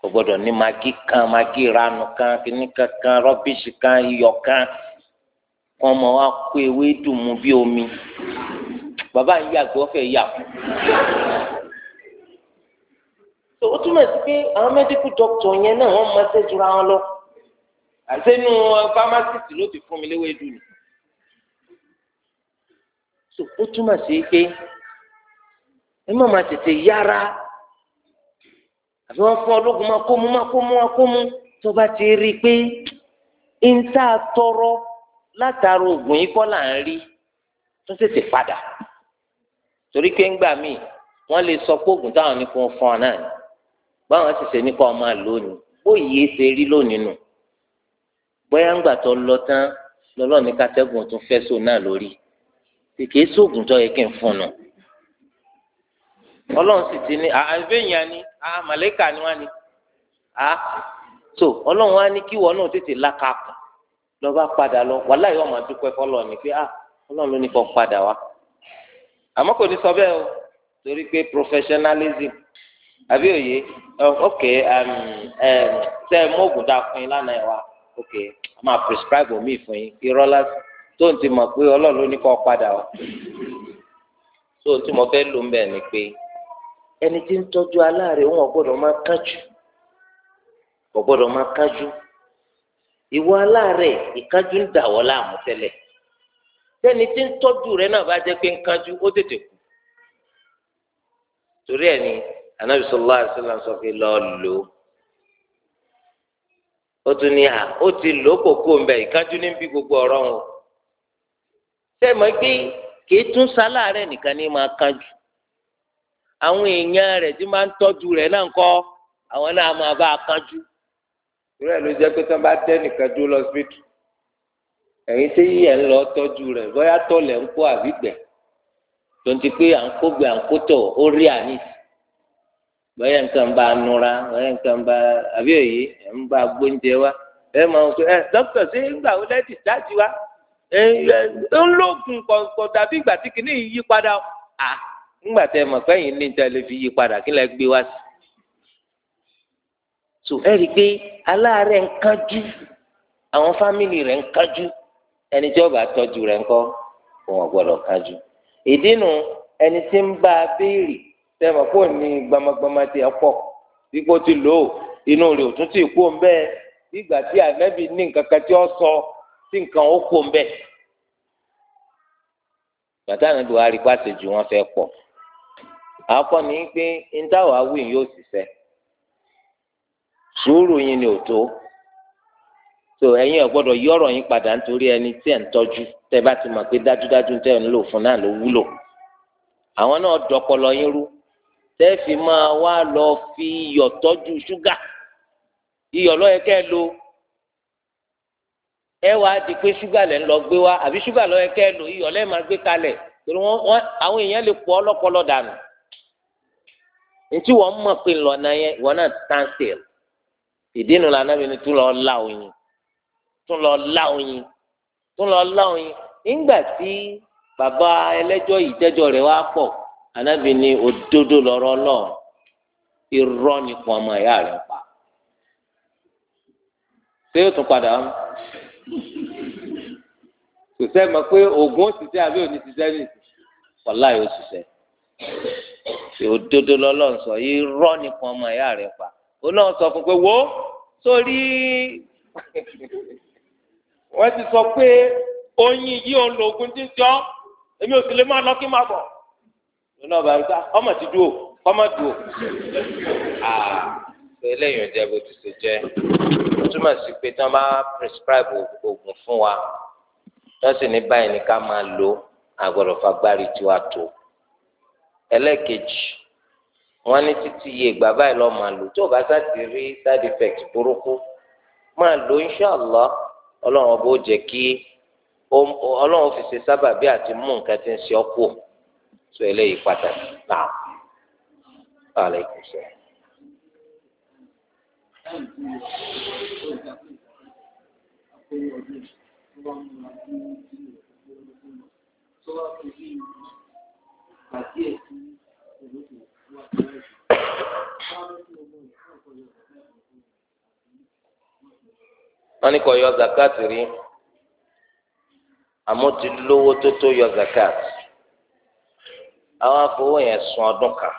kò gbọ́dọ̀ ní magi kan magi ranu kan kíní kankan rọbìṣì kan iyọ̀ kan kó ọmọ wa kó ewé dùn mu bí omi bàbá yìí yàgbé ọ̀fẹ́ yà kú tó o túmọ̀ sí pé àwọn mẹ́díkù dọ́kítọ̀ yẹn náà wọ́n máa ń tẹ́jú ra wọn lọ àṣẹnu fámásìtì ló ti fún mi léwé dùn ní. so ó túmọ̀ sí pé ẹ má máa tètè yára àfi wọn fún ọlọ́gùn máa kó mu máa kó mu máa kó mu tó bá ti rí i pé ń tá a tọrọ látara oògùn yìí kọ́ là ń rí tó tètè padà torí pé ńgbà míì wọ́n lè sọ pé oògùn táwọn ní kó fún ọ náà báwọn sì ṣe ní kó ọ máa lò ní yìí ṣe rí lónìí nù. No bóyá ńgbà tó lọ tán lọ́lọ́ ní kátẹ́gùn tún fẹ́ so náà lórí kìkì í sóògùn tó yẹ kí n fún un ọlọ́run sì ti ní àbẹ̀yìn ni màlẹ́kà ni wọ́n ni so ọlọ́run wá ní kí wọ́n náà tètè lákàkùn lọ́ba padà lọ wàhálà yóò máa dúpẹ́ fọlọ́ ni pé ọlọ́run ló ní kó padà wá àmọ́ kò ní sọ bẹ́ẹ̀ o torí pé professionalism àbí òye ok um, um, ṣe é mú òògùn dáa fún yín lánàá ẹ̀ wá. ok a máa prescribe omi fún yín irọ́ lásán tó ń ti mọ̀ pé ọlọ́run ló ní kọ́ padà wá tó ń ti mọ̀ fẹ́ lò ń bẹ̀ ni pé ẹni tí ń tọ́jú aláàárẹ̀ wọn gbọ́dọ̀ máa kájú kò gbọ́dọ̀ máa kájú ìwọ aláàárẹ̀ ìkájú ń dà wọ́ láàmú tẹ́lẹ̀ tẹ́ni tí ń tọ́jú rẹ náà bá jẹ́ pé ń kájú ó tètè kú torí ẹ̀ ni anabi sallallahu alaihi wasallam sọ pé lọ́ọ́ lò ó. ó tún ní à ó ti lò ó kókó ń bẹ ìkájú ní gbogbo ọ̀rọ̀ wọn. sẹ́mọ̀ pé kì í tún sáláàrẹ̀ nìkan ní máa kájú àwọn èèyàn rẹ̀ tí máa ń tọ́jú rẹ̀ náà ń kọ́ àwọn náà máa bá a kájú. ẹ̀ ló jẹ́ pé tí bá tẹ́ nìkan dúró lọ síbítù ẹ̀yin tí yíyẹ ń lọ tọ́jú rẹ̀ bóyá tọ́lẹ̀ ń kó àbígbẹ̀ tó ń pé à ń kó gbẹ à ń kó tọ̀ ó rí àníṣe bẹ́ẹ̀ nǹkan bá nura bẹ́ẹ̀ nǹkan bá àbí òye ẹ̀ ń bá gbóúnjẹ wa ẹ máa ń pè ẹ dókítà ṣé ńgbà wo lẹ́ẹ̀tì jáde wa ẹ ń lóògùn kọ̀ọ̀kan tàbí ìgbà tí kìíní yìí yí padà à ńgbà tẹ mọ̀ pẹ́yìn ní níta lè fi yí padà kí lẹ gbé wá sí. tò ẹ rí i pé aláàárẹ̀ ń kájú àwọn fámìlì rẹ̀ ń kájú ẹni tí ó tọ́jú rẹ̀ ńkọ́ òun sẹ́mi kò ní gbamagbama ti ẹ̀ pọ̀ ipò ti lò ó inú rẹ̀ ò tún ti kú ń bẹ́ẹ̀ nígbà tí ànábì ní nǹkan kan tí ó sọ tí nǹkan ó kú ń bẹ́ẹ̀. bàtà ní buhari pàṣẹ ju wọn fẹ́ pọ̀ àkọ́ ni pé ntáwá wí yóò ṣiṣẹ́ sùúrù yín ni ò tó so ẹ̀yin ò gbọ́dọ̀ yí ọ̀rọ̀ yín padà nítorí ẹni tí ẹ ń tọ́jú tẹ́ bá ti mọ̀ pé dájúdájú tẹ́ ẹ ń lò fún náà ló wúlò àwọn náà dọpọlọ yín rú tẹ́ẹ̀fì máa wá lọ fi iyọ̀ tọ́jú ṣúgà iyọ̀ lọ́yẹ kẹ́ ẹ lo ẹ wá di pé ṣúgà lẹ́ ń lọ gbé wá àbí ṣúgà lọ́yẹ kẹ́ ẹ lò iyọ̀ lẹ́ẹ̀ máa gbé kalẹ̀ torí wọ́n wọ́n àwọn èèyàn lè pọ̀ ọlọ́pọlọ dànù ntí wọ́n mọ̀ pé ńlọ́nà yẹn ìwọ náà stand ìdínú la náà bínú tún lọ la oyin tún lọ la oyin tún lọ la oyin nígbà tí bàbá ẹlẹ́jọ́ ìjẹ́jọ́ rẹ̀ wá pọ̀ anabi ní òdodo lọ̀rọ̀ náà irọ́ nìkan ọmọ ìyá rẹ̀ pa ṣé yóò tún padà wọn sòsẹ́ mọ̀ pé oògùn òṣìṣẹ́ àbí òní ṣiṣẹ́ ní wàhálà yóò ṣiṣẹ́ òdodo lọ́lọ́run sọ irọ́ nìkan ọmọ ìyá rẹ̀ pa ó náà sọ fún pé wo sórí wọ́n ti sọ pé oyin yìí òun lòògùn tí ń jọ èmi ò sì lè máa lọ kí n máa bọ̀ lọ́nà ọba rẹ̀ ọmọ ti dúró ọmọ dúró àà eléyìí ò jẹ́ bó ti ṣe jẹ́ ó túmọ̀ sí pé tí wọ́n bá prescribe oògùn fún wa wọ́n sì ní báyìí ní ká máa lo àgbọ̀dọ̀ fagbárí tí wàá tó ẹlẹ́ẹ̀kejì wọ́n ní títí iye ìgbà báyìí lọ́ọ́ máa lò tó o bá sá ti rí side effect burúkú máa lò inṣàlá ọlọ́run ọba ó jẹ́ kí ọlọ́run fi ṣe sábàbí àti mú nǹkan tí ń ṣe ọ́ kù tó eléyìí pàtàkì náà báàlẹ̀ kò wọ́n ní kò yọ zakat rí àmọ́ tó tó yọ zakat àwọn afowó yẹn sun ọdún kan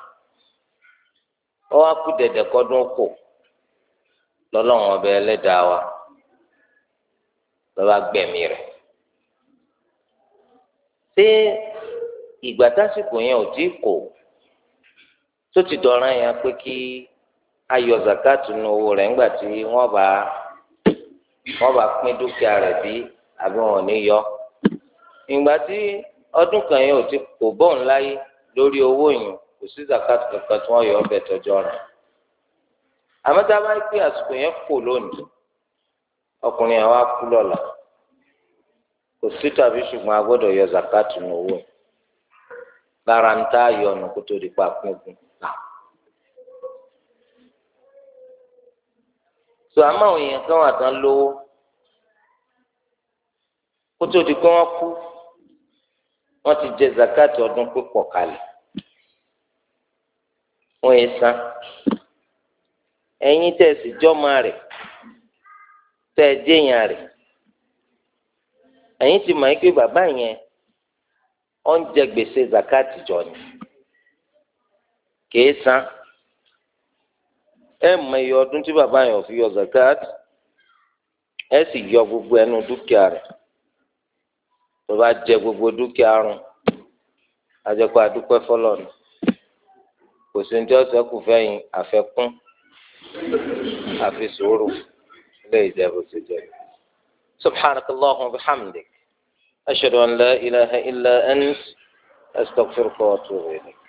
wọn wá kú dẹdẹ kọdún kù lọ́lọ́run ọbẹ ẹlẹ́dàá wa lọba gbẹ̀mí rẹ̀ ṣé ìgbà tásìkò yẹn ò tí kò tó ti dọ̀ràn yẹn pé kí ayọ̀ zakatu nu owó rẹ̀ ńgbà tí wọ́n bá wọ́n bá pín dúkìá rẹ̀ bí àbí wọn ò ní yọ ìgbà tí ọdún kan yẹn ò ti kò bọ́ọ̀n láyé lórí owó yìí kò sí zakat kankan tí wọ́n yọ ọbẹ̀ tọjọ́ rẹ̀ àmọ́ tá a bá pé àsìkò yẹn kò lónìí ọkùnrin àwa kú lọ́la kò sí tàbí ṣùgbọ́n a gbọ́dọ̀ yọ zakat nù owó lára ń tá a yọ ọ̀nà kó tó di pa pín ogun náà. tó àmọ́ àwọn kan wà tán lówó kó tó di pé wọ́n kú wọ́n ti jẹ zakati ọdún pípọ̀ kalẹ̀ wọ́n yẹ san ẹ̀yin tẹ̀ sí jọ́mọ rẹ̀ tẹ̀ jẹ́yàn rẹ̀ ẹ̀yin ti mọ̀ pé bàbá yẹn ó ń jẹ gbèsè zakati jọ ni kìí san ẹ mọ iye ọdún tí bàbá yẹn ò fi yọ zakati ẹ sì yọ gbogbo ẹnu dúkìá rẹ̀ tó bá jẹ gbogbo dúkìá run àjẹpọ̀ àdúpẹ́ fọlọ́nù kò sí ní ọ̀sẹ̀ kù fẹ́yìn àfẹ́kún àfi sùúrù lè jẹ́ bó ṣe سبحانك اللهم وبحمدك أشهد أن لا إله إلا أنت أستغفرك وأتوب إليك